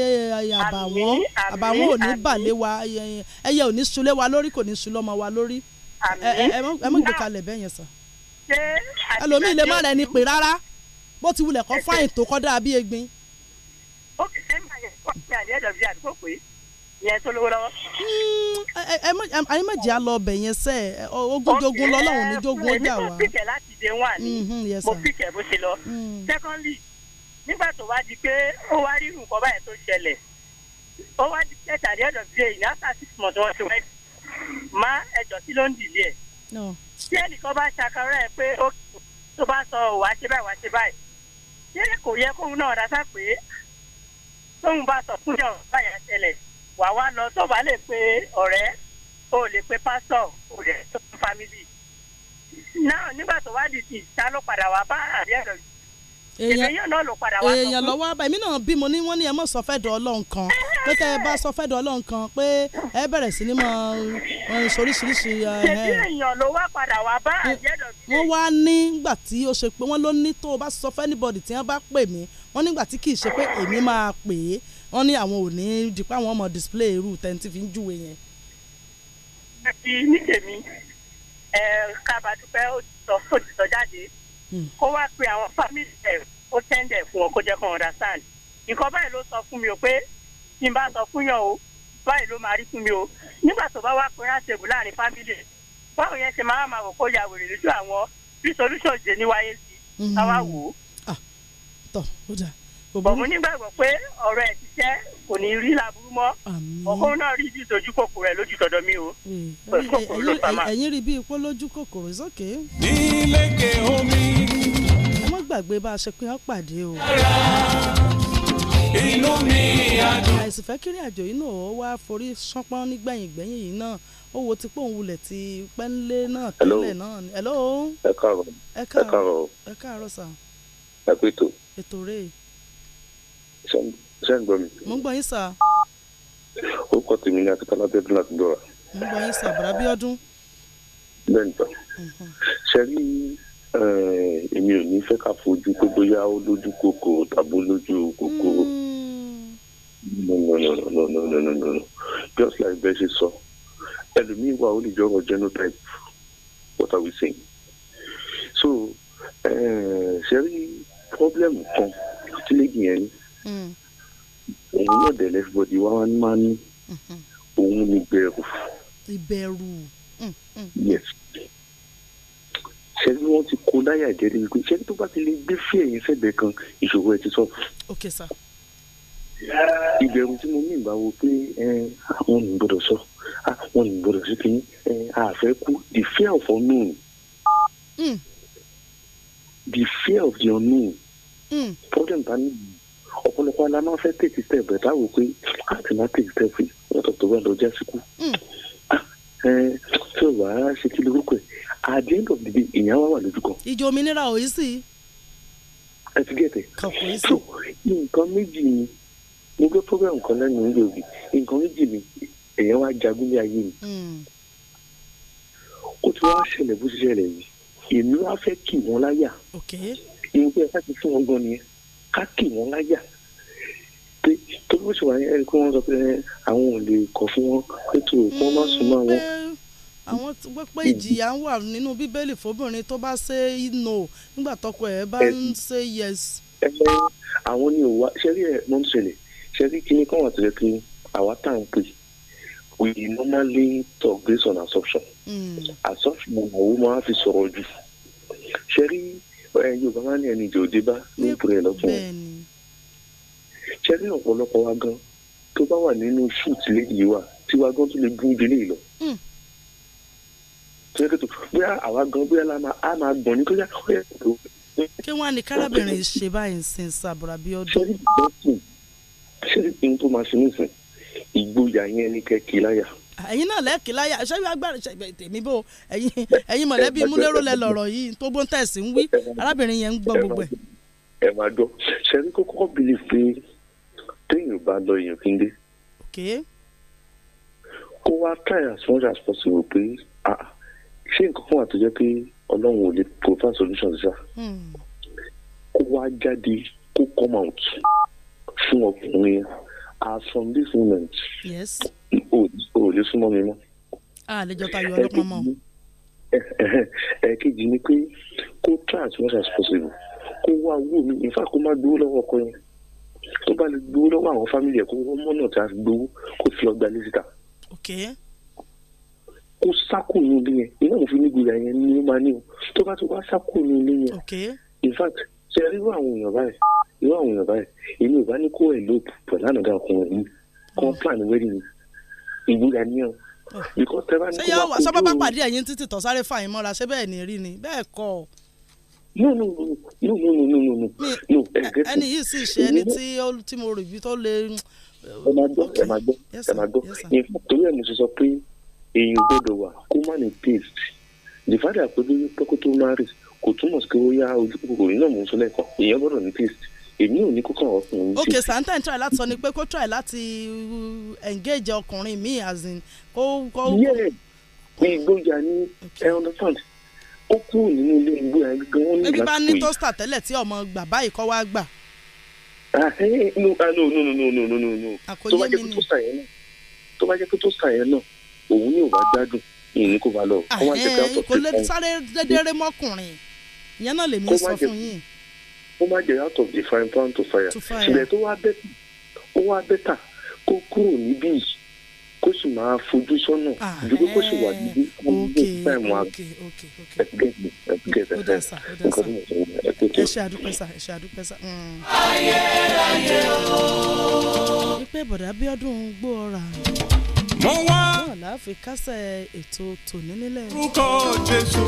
Speaker 2: àbàwọ́n àbàwọ́n ò ní bàlẹ́ wa ẹyẹ ò ní sulé wa lórí kò ní sulé ọmọ wa lórí ẹ mọ̀ gbé kalẹ̀ bẹ́ẹ̀ yẹn sàn. ẹlòmíì lè má rẹ̀ ni pè rárá bó ti wulẹ̀ kọ́ fáìn tó kọ́ dáa bí egbin.
Speaker 4: ó kì í sẹ́yìn àyẹ̀wò àti àdéhùn àdúgbò pé
Speaker 2: yẹn tó lówó lọ́wọ́. ayé méjì á lọ ọbẹ̀ yẹn sẹ́ ẹ̀
Speaker 1: ogún jogun lọ́lọ́run eh, ní jogun ó gbà wá. mo
Speaker 4: pìkẹ̀ láti dé wà ní mm-hmm, mo pìkẹ̀ bó ṣe lọ. Mm. secondly nígbà tó wá di pé ó wá rí nǹkan báyẹn tó ṣẹlẹ̀ ó wá di pé tàbí ẹ̀dọ̀ bíi èyí after six months wọ́n ti wẹ́ má ẹ̀dọ̀ sí ló ń dìlé ẹ̀. tí ẹnìkan bá ṣàkàrọ̀ ẹ̀ pé ó tó bá sọ wàá ṣe báyìí wàá ṣe báyìí ṣé kò yẹ kóun náà rásá pé tóun bá sọ fún wà wá lọ tó bá lè pe ọ̀rẹ́ o lè pe pásítọ̀ o lè tó fún fámìlì náà nígbà tó wá di ti ta ló padà wá bá àrí ẹ̀rọ èèyàn náà ló padà wá sọ fún. èèyàn lọ́wọ́
Speaker 2: àbá èmi náà bímọ ní wọ́n ní ẹ mọ̀ sọ fẹ́ dọ̀ ọlọ́run kan pé tẹ́ ẹ bá sọ fẹ́ dọ̀ ọlọ́run kan pé ẹ bẹ̀rẹ̀ sí ní mọ oríṣiríṣi. Eh, ṣèbí eh. èèyàn ló wá padà wá bá àrí ẹ̀rọ. wọ́n wá nígbà tí ó ṣe pé wọ́n ló ní tó o bá sọ fẹ́ wọ́n ní àwọn ò ní dípẹ́ àwọn ọmọ display irú tẹ́ǹtì fi ń júwe yẹn. àti ní tèmi
Speaker 4: ẹ kábà dúpẹ́ ó ti sọ jáde hmm. kó wá pe àwọn family ẹ̀ ó tẹ́ǹdẹ̀ fún ọ kó jẹ́ kó understand nǹkan báyìí ló sọ fún mi o pé kí n bá sọ fún yàn o báyìí ló máa rí fún mi o nígbà tó bá wá pé ránṣẹ́gùn láàrin fámìlì báwo yẹn ṣe máa máa wò kó ya wèrè lójú àwọn bí solution jẹ níwáyé sí hmm. káwá wò ó. Ah, tọ́ ó dáa bọ̀mú nígbàgbọ́ pé ọ̀rọ̀ ẹ̀ ti ṣẹ́ kò ní rí láburú
Speaker 2: mọ́ ọkọ náà rí bí ìtọ́jú kòkòrò ẹ̀ lójú tọ̀dọ̀ mi o
Speaker 1: pẹ̀lú kòkòrò ló fà máa. ẹ̀yin
Speaker 2: rí bí ipò lójú kòkòrò sókè. níléke omi. ẹ gbàgbé bá a ṣe pé ọ́ pàdé o. inú mi adùn. àìsàn fẹ́ kiri àjò yìí náà wá forí ṣánpọ́n nígbẹ̀yìn gbẹ̀yìn yìí náà ó wo ti pòun wulẹ̀ ti pẹ́ńlé náà tẹ́lẹ̀ náà.
Speaker 1: ẹ káàárọ̀ ẹ káàárọ̀
Speaker 2: ẹ káàárọ̀ sà. ẹ pé ètò rèé
Speaker 3: ṣé ń gbọ́ mi. mo ń gbọ́ yín sà. ó kọ́ tèmi ní akitala bẹ́ẹ̀ láti dọ́ra.
Speaker 2: mo ń gbọ́ yín sà bàrà bí ọdún.
Speaker 3: bẹ́ẹ̀ ni tán mhm. ṣe rí eh, èmi ò ní fẹ́ ká fojú pé bóyá ó lójú kòkó tàbí lójú kòkó. Mm. no no no no no no no just like bẹ́ẹ̀ ṣe sọ ẹlòmíín wà ó lè jọrọ genotype what are we saying so eh, ṣe rí problem kan tí lè gbìyànjú. Hmm. òun náà dẹ̀ lẹ́fọ̀dì wá wá ní máa ní hmm. òun ní bẹ̀rù. ìbẹ̀rù. Hmm, yes ṣẹ́ni wọ́n ti kó dáyà jẹ́ débi pé ṣẹ́ni tó bá ti lè gbé fí ẹ̀yìn sẹ́gbẹ̀ẹ́ kan ìṣòro ẹ̀ ti sọ. ok sir. ìbẹ̀rù tí mo ní ìgbà pé àwọn ní gbọ́dọ̀ sọ àwọn ní gbọ́dọ̀ sí kínní àfẹ́ kú the fear of unknown. Mm. the fear of the unknown. Mm. problem ta ni ọ̀pọ̀lọpọ̀ la máa fẹ́ tètè tẹ̀ bẹ̀ dáwọ́ pé àti má tètè tẹ̀ fi yàtọ̀ tó bá lọ já síkú. Hmm. Ah, ṣé wàá ṣe kí lórúkọ ẹ̀ at the end of the day ìyẹn wá wà lójú kan.
Speaker 2: ìjọ òmìnira ò yí sí.
Speaker 3: ẹ ti gẹ̀tẹ̀. kò yí sí. nǹkan méjì ni mo gbé program kan lẹ́nu nílò rí nǹkan méjì ni èèyàn wá jagun ní ayé mi. Hmm. ó ti wá ṣẹlẹ̀ bó ti ṣẹlẹ̀ yìí èmi wá fẹ́ kì wọ́n láyà. ìwé ẹ̀ka ti fún wọn gan nìyẹn ká kì wọ́n láyà pé tó bó ṣe wà ní ẹni pé wọ́n sọ pé àwọn ò lè kọ̀ fún wọn pé tó má hmm, sùn mọ́ àwọn. àwọn ti gbọ́ pé
Speaker 2: ìjìyà ń wà nínú bíbélì fóbìnrin tó bá ṣe no nígbà tọkọ ẹ̀ bá ń ṣe yes.
Speaker 3: ẹ àwọn ni ò wá ṣẹ́rí ẹ̀ mọ́ ń ṣẹlẹ̀ ṣẹ́rí kíní kan wà tó àwa tá à ń pè we normally talk based on assumption hmm. assumption gbogbo owó máa fi sọ̀rọ̀ jù ṣẹ́rí yorùbá máa ní ẹni ìjòdè bá ní ìpínlẹ̀ lọ́kùnrin ṣe rí ọ̀pọ̀lọpọ̀ wa gan tó bá wà nínú ṣùtì léyìí wa tí wa gan tó lè gún ìdílé lọ. Hmm. tó yẹ kí tó bóyá àwa gan bóyá la máa a máa gbọ̀n ní kóyá ó yẹ kó.
Speaker 2: kí wọ́n á ní kárábìnrin ṣe báyìí sin sàbùrà bí ọdún. ṣé ní
Speaker 3: ìgbọ́sìn ṣé tó máa ṣe nísìn ìgboyà yẹn ní kẹ́kì láyà.
Speaker 2: ẹ̀yin náà lẹ́ẹ̀kì láyà ṣé wàá gbàrẹ̀ tèmi bò ẹ̀yin mọ̀lẹ́bí múlẹ́rò lẹ lọ̀rọ̀ yìí tó gbóǹtẹ̀sí ń wí arábìnrin yẹn ń gbọ́ gbogbo ẹ̀.
Speaker 3: ẹ máa gbọ́ ṣe ní kókó bìlì fún téèyàn bá lọ yàn fi lé. kó wá try as much as possible pé ah, ṣé nǹkan kan wà tó jẹ́ pé ọlọ́run ò lè provide solution sí sá. Hmm. kó wá jáde kó come out fún ọkùnrin yẹn as from this moment. yes. o ò lè súnmọ́ mi mọ́.
Speaker 2: a lè jọ tayọ ọlọ́pàá mọ́.
Speaker 3: ẹ̀ẹ́dẹ́gbẹ̀jì ni pé kó try as much as possible kó wá owó mi in fact kó má gbowó lọ́wọ́ ọkọ yẹn tó bá lè gbowó lọ́wọ́ àwọn fámìlì ẹ̀ kó wọ́n mọ́nà tá a gbowó kó fi lọ́ọ́ gba ilé síta. kó sákò ní ilé yẹn iná òfin nígbìyà yẹn ni ó máa ní o tó bá ti wá sákò ní ilé yẹn in fact ṣe rí irú àwọn èèyàn báyìí irú àwọn èèyàn báyìí èmi ò bá ní kó elope pẹ̀lú ànàdà ọkùnrin yìí kó mm. plan wedding ìgbéga mm. ní ọ because tẹ pàdé
Speaker 2: ẹ̀yìn títì tọ̀sáré fàyín mọ́ra ṣé bẹ́ẹ̀ ní rí ni bẹ́ẹ̀ kọ́ ọ no no no no no no no no no
Speaker 3: ẹni yìí sì ṣe ẹni
Speaker 2: tí tí mo rò bí tó lè. Mm,
Speaker 3: ẹ máa gbọ́ ẹ máa gbọ́ ẹ máa gbọ́ torí ẹ̀ mo ṣe sọ pé èyí gbọ́dọ̀ wà kó má ní taste the father pẹ̀lú pẹ́kú tó máa rè kò túmọ̀ sí pé ó yá ojú kòkòrò yìí mò ń sọ lẹ́ẹ̀kan èyí gbọ́dọ̀ ní taste èmi ò ní kókàn ọkùnrin tí. ok
Speaker 2: santan try láti sọ ni pé kó try láti uh, engage ọkùnrin mi as in kó. yẹ́ẹ̀
Speaker 3: ìgboyà ni ẹ understand ó kúrò nínú ilé igbó yẹn gan wọn ní ìgbà tó yìí. ebi bá ní tóstà
Speaker 2: tẹ́lẹ̀ tí ọmọ gbàbá
Speaker 3: yìí kọ́ wá gbà. Ah, eh, eh, ah, no no no no no no no tó bá jẹ́ pé tóstà yẹn náà tó bá jẹ́ pé tóstà yẹn náà òun ni ò bá gbádùn ìní kò bá lọ. Ah, eh, kò lè sáré
Speaker 2: dédéré mọ́kùnrin ìyẹn náà lèmi sọ fún
Speaker 3: yín. ó má jẹ out of the frying pan to fire ṣùgbọ́n tó wá bẹ́tà kó kúrò níbí yìí kó sì máa fojú sọ́nà dúró ah, kó sì wà eh, níbí kó ní táìmù àgbẹ̀ ẹ̀gẹ́gbẹ̀ ẹ̀gẹ́gbẹ̀ nǹkan tó hmm. ń sọ
Speaker 1: ayé ayé o. ìpè bọ̀dà
Speaker 2: bí ọdún gbó ọ̀rà wọ́n wá. náà la fi kásẹ̀ ètò tòní nílẹ̀. orúkọ jésù.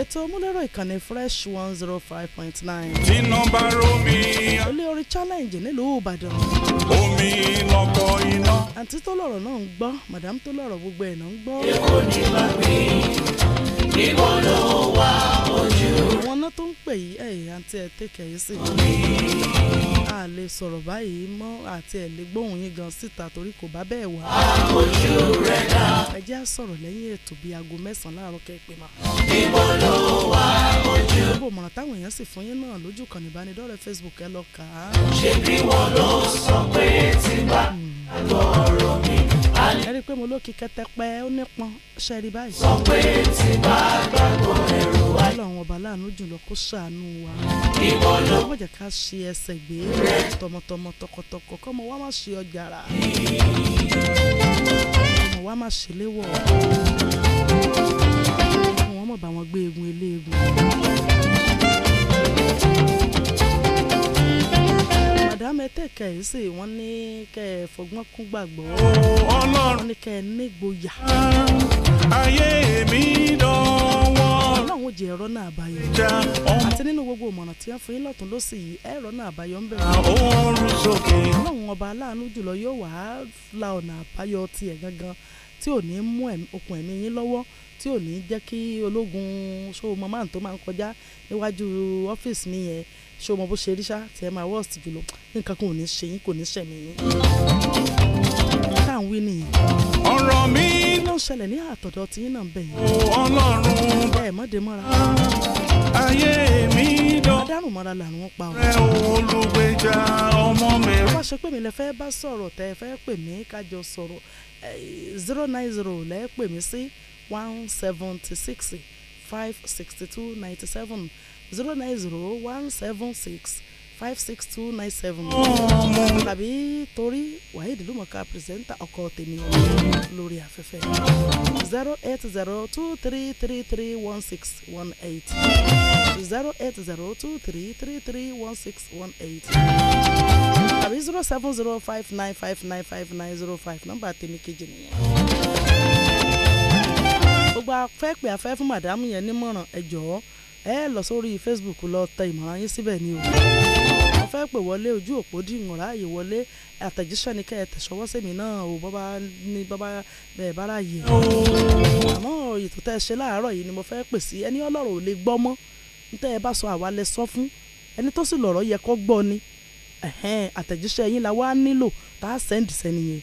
Speaker 2: ètò múlẹ́rọ̀ ìkànnì fresh one zero five point nine. tí nọ́mbà romi. olè orin challenge nílùú ìbàdàn. omi lọkọ iná. àǹtí tó lọ̀rọ̀ náà ń gbọ́ madam tó lọ̀rọ̀ gbogbo ẹ̀ náà ń gbọ́. èkó ní bàbí
Speaker 1: níbo ló wà
Speaker 2: ojú. àwọn náà tó ń pè yí àǹtí ẹ tẹ̀kẹ̀ yìí sì a lè sọ̀rọ̀ báyìí mọ́ àti ẹ̀ lè gbóhùn yín gan síta torí kò bá bẹ́ẹ̀ wá. àkójú rẹ̀ dá. ẹ jẹ́ sọ̀rọ̀ lẹ́yìn ètò bíi aago mẹ́sàn-án láàárọ̀ kẹ́ẹ̀pẹ́ máa. níbo ló wà ojú. gbogbo ìmọ̀ràn táwọn
Speaker 1: èèyàn sì fún yín náà lójú kan ìbánidọ́rẹ̀ẹ́ Facebook ẹ lọ kà á. ṣé bí wọn ló sọ pé tí bá àgọ́ mi
Speaker 2: ẹ rí i pé mo lókì kẹtẹpẹ ó nípọn ṣe báyìí. sọ pé tí bá gbàgbọ́ ẹ̀rọ ọlọ́run ọba láàánú jùlọ kó ṣàánú wa ọlọ́run má jẹ́ ká ṣe ẹsẹ̀ gbé tọmọtọmọ tọkọtọkọ kọ́mọ wa má ṣe ọjàrà ọmọ wa má ṣe léwọ̀ wọn bá wọn gbé egun eléegun dàdá mẹ́tẹ̀ẹ̀kẹ́ yìí sì wọ́n ní kẹ́ ẹ fọgbọ́n kún gbàgbọ́ oh, wọ́n ní kẹ́ ẹ
Speaker 6: nígboyà. ayé mi
Speaker 2: dánwọ́. ọlọ́run jẹ́ ẹ̀rọ náà àbáyọ àti nínú gbogbo ìmọ̀ràn tí wọ́n fún yín lọ́tún lọ́sì yìí ẹ̀rọ náà àbáyọ ń bẹ̀rẹ̀. oorun sókè. ọlọ́run ọba aláàánú jùlọ yóò wá la ọ̀nà àbáyọ tiẹ̀ gangan tí ò ní mú okùn ẹ̀mí yín lọ́wọ́ tí ò ní jẹ́ kí ológun ṣòwò mọ́máà tó máa ń kọjá níwájú ọ́fíìsì mi ṣé o mọ bó ṣe rí ṣá tí ẹ máa wọ́ọ̀sì jùlọ nǹkan kan ò ní ṣe yín kò ní ṣẹ̀mí yín. ká wí nìyí.
Speaker 1: ọ̀rọ̀ mi. kí
Speaker 2: ló ń ṣẹlẹ̀ ní àtọ̀dọ̀ tí yín náà ń bẹ̀ yìí. ọlọ́run bá ẹ̀ mọ́dé mọ́ra. ayé mi dán. adárùn mọ́ra làrùn ń pa o. ẹ olùgbèjà ọmọ mi. wá ṣe pé mi lè fẹ́ bá sọ̀rọ̀ tẹ́ ẹ fẹ́ pè mí kájọ sọ̀rọ̀ zero nine zero lẹ́ pè mí sí one seventy six five sixty two ninety seven zero nine zero one seven six five six two nine seven tàbí torí waheed lumaka pírẹsẹ̀ntà ọkọ tèmi lórí afẹ́fẹ́ zero eight zero two three three three one six one eight zero eight zero two three three three one six one eight tàbí zero seven zero five nine five nine five nine zero five nọ́mbà tèmi kejì nìyẹn gbogbo afẹ́ pé afẹ́ fún màdámù yẹn nímọ̀ràn ẹ jọ̀ọ́ ẹ lọ sórí Facebook lọ tẹ ìmọ̀ràn yín síbẹ̀ ni o mo fẹ́ pè wọlé ojú òpó dìgbọ̀n ráàyè wọlé àtẹ̀jíṣẹ́ ni kẹ́ ẹ tẹ̀sọ́wọ́ sẹ́mi náà o bọ́bá ní bọ́bá bẹ́ẹ̀ bá ráàyè àmọ́ ètò tẹ́ ẹ ṣe láàárọ̀ yìí ni mo fẹ́ pè sí ẹni ọlọ́rọ̀ ò lè gbọ́ mọ́ ntẹ́ ẹ bá sọ àwa lẹ sọ fún ẹni tó sì lọ̀rọ̀ yẹ kó gbọ́ ni àtẹ̀jíṣẹ́ yín la wá nílò tá a sẹ́ǹdì sẹ́niyẹn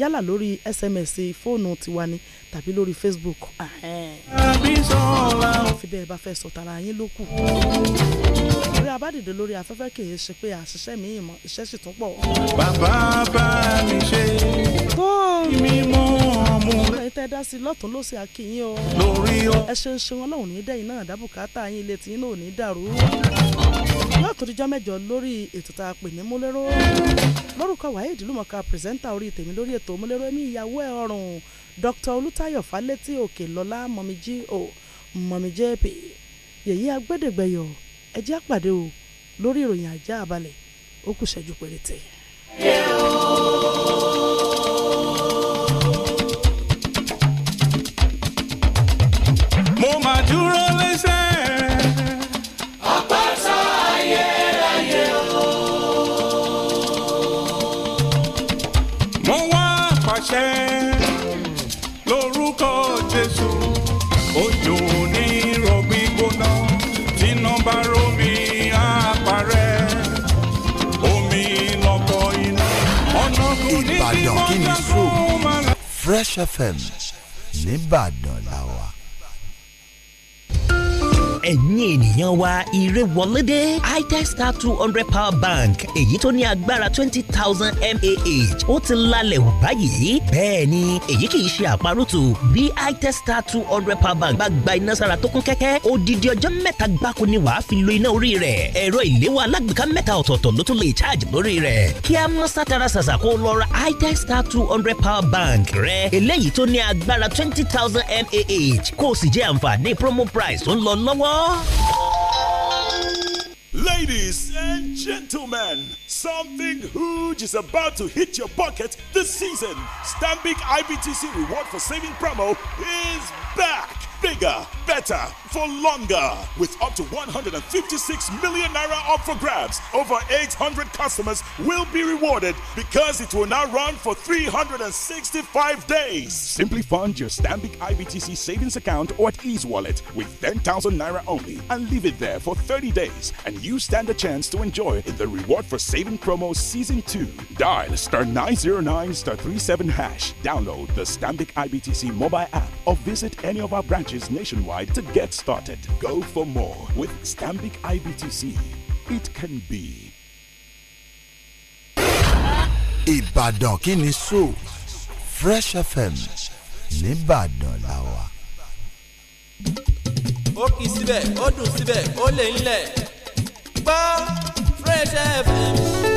Speaker 2: yálà lórí SMS fóònù tiwa ni 0244 tàbí lórí Facebook fi bẹ́ẹ̀ bá fẹ́ sọ̀tà ara yín ló orí abádìde lórí afẹ́fẹ́ kìí ṣe pé àṣìṣe mi ìmọ̀ iṣẹ́ sì tún pọ̀. bàbá bá mi ṣe mi mú ọmú. ẹ̀yin tẹ́ dá sí lọ́tún ló ṣe àkìyìn o. lórí o. ẹ ṣeun ṣeun ọlọ́run ní dẹ́yìn náà dábùkátà yín ilé tí yín náà ò ní dàrú yóò tó dijọ́ mẹ́jọ lórí ètò tá a pè ní múlẹ́rọ́ lórúkọ wáyé ìdílùmọ̀ká pírẹsẹ́ńtà orí tèmi lórí ètò múlẹ́rọ́ ẹ̀mí ìyàwó ẹ̀ ọ̀rùn Dr. Olùtayọ̀ Fálétí òkè lọ́lá mọ̀mí jí o mọ̀mí jp yèyí agbẹ́dẹ̀gbẹ̀yọ̀ ẹ jẹ́ á pàdé o lórí ìròyìn ajá àbálẹ̀ ó kù ṣẹ́jú péréte.
Speaker 6: mo máa dúró ìbàdàn kí ni
Speaker 4: so Fresh FM nìbàdàn làwọn ẹ̀yin ènìyàn wa ire wọlédé itestar two hundred power bank èyí tó ní agbára twenty thousand mAh ó ti lálẹ̀ wù báyìí bẹ́ẹ̀ ni èyí kì í ṣe àparùtù bí itestar two hundred power bank bá gba iná sára tó kún kẹ́kẹ́ odidi ọjọ́ mẹ́ta gbáko ni wàá fi lo iná orí rẹ̀ ẹ̀rọ ìléwọ́ alágbèéká mẹ́ta ọ̀tọ̀ọ̀tọ̀ ló tún lè charge lórí rẹ̀ kí a mọ́ sátara ṣàṣà kó lọ ra itestar two hundred power bank rẹ̀ eléyìí tó ní agbára twenty thousand mAh kó o sì jẹ́ àǹfààní promo price tó ń lọ lọ́wọ́
Speaker 1: Ladies and
Speaker 6: gentlemen, something huge is about to hit your pocket this season. Stambik IBTC reward for saving promo is back bigger, better, for longer. With up to 156 million naira up for grabs, over 800 customers will be rewarded because it will now run for 365 days. Simply fund your Stambic IBTC savings account or at Ease Wallet with 10,000 naira only and leave it there for 30 days, and you stand a chance to enjoy the reward for saving promo season 2. Dial star 909 star 37 hash. Download the Stambic IBTC mobile app or visit any of our branches branches nationwide to get started. Go for more with Stambic IBTC. It can be. Ìbàdàn kini so Fresh FM nìbàdàn la wà.
Speaker 2: Ó kì í síbẹ̀, ó dùn síbẹ̀, ó lè ń lẹ̀. Gbọ́ Fresh FM.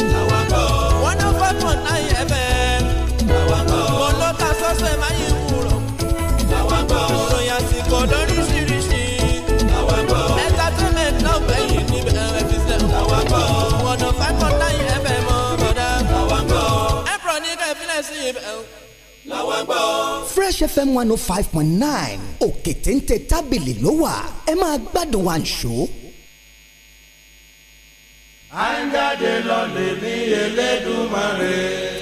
Speaker 4: wá gbọ́. Fresh FM one oh five point nine òkè téńté tábìlì ló wà ẹ máa gbádùn àǹṣó.
Speaker 1: à
Speaker 6: ń jáde lọ lè ní Elédùmarè.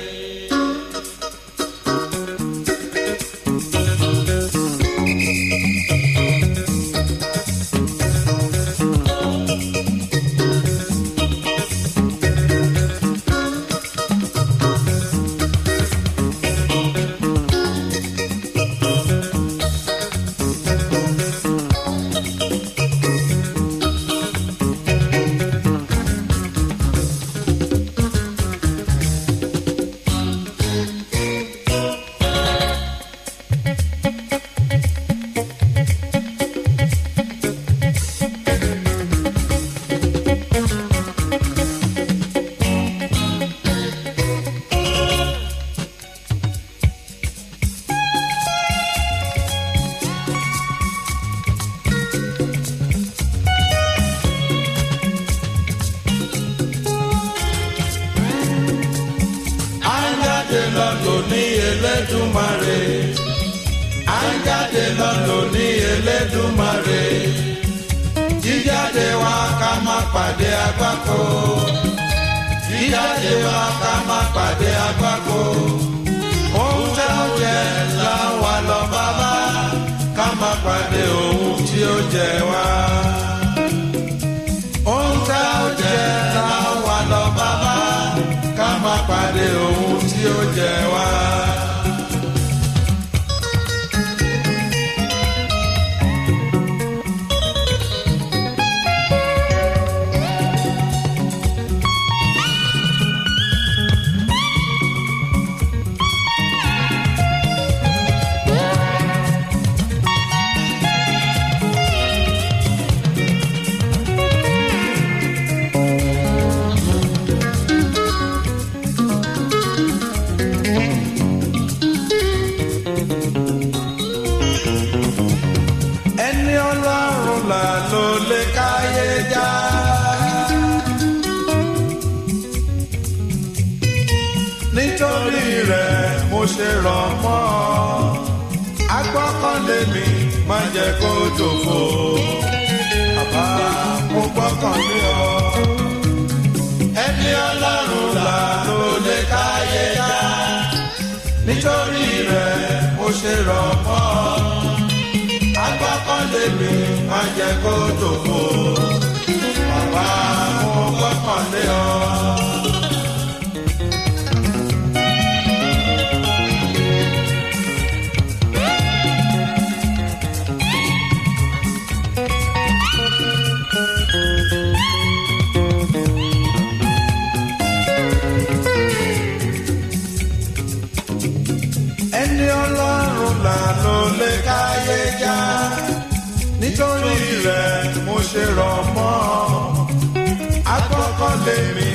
Speaker 6: má pàdé ohun tí ó jẹ wá. rọ̀ mọ́ agbọ́kànlé mi má jẹ́ kó dòfo bàbá mo gbọ́kànlé ọ.
Speaker 1: nítorí rẹ̀ mo ṣe rọ̀ mọ́ àkọ́kọ́ lèmi.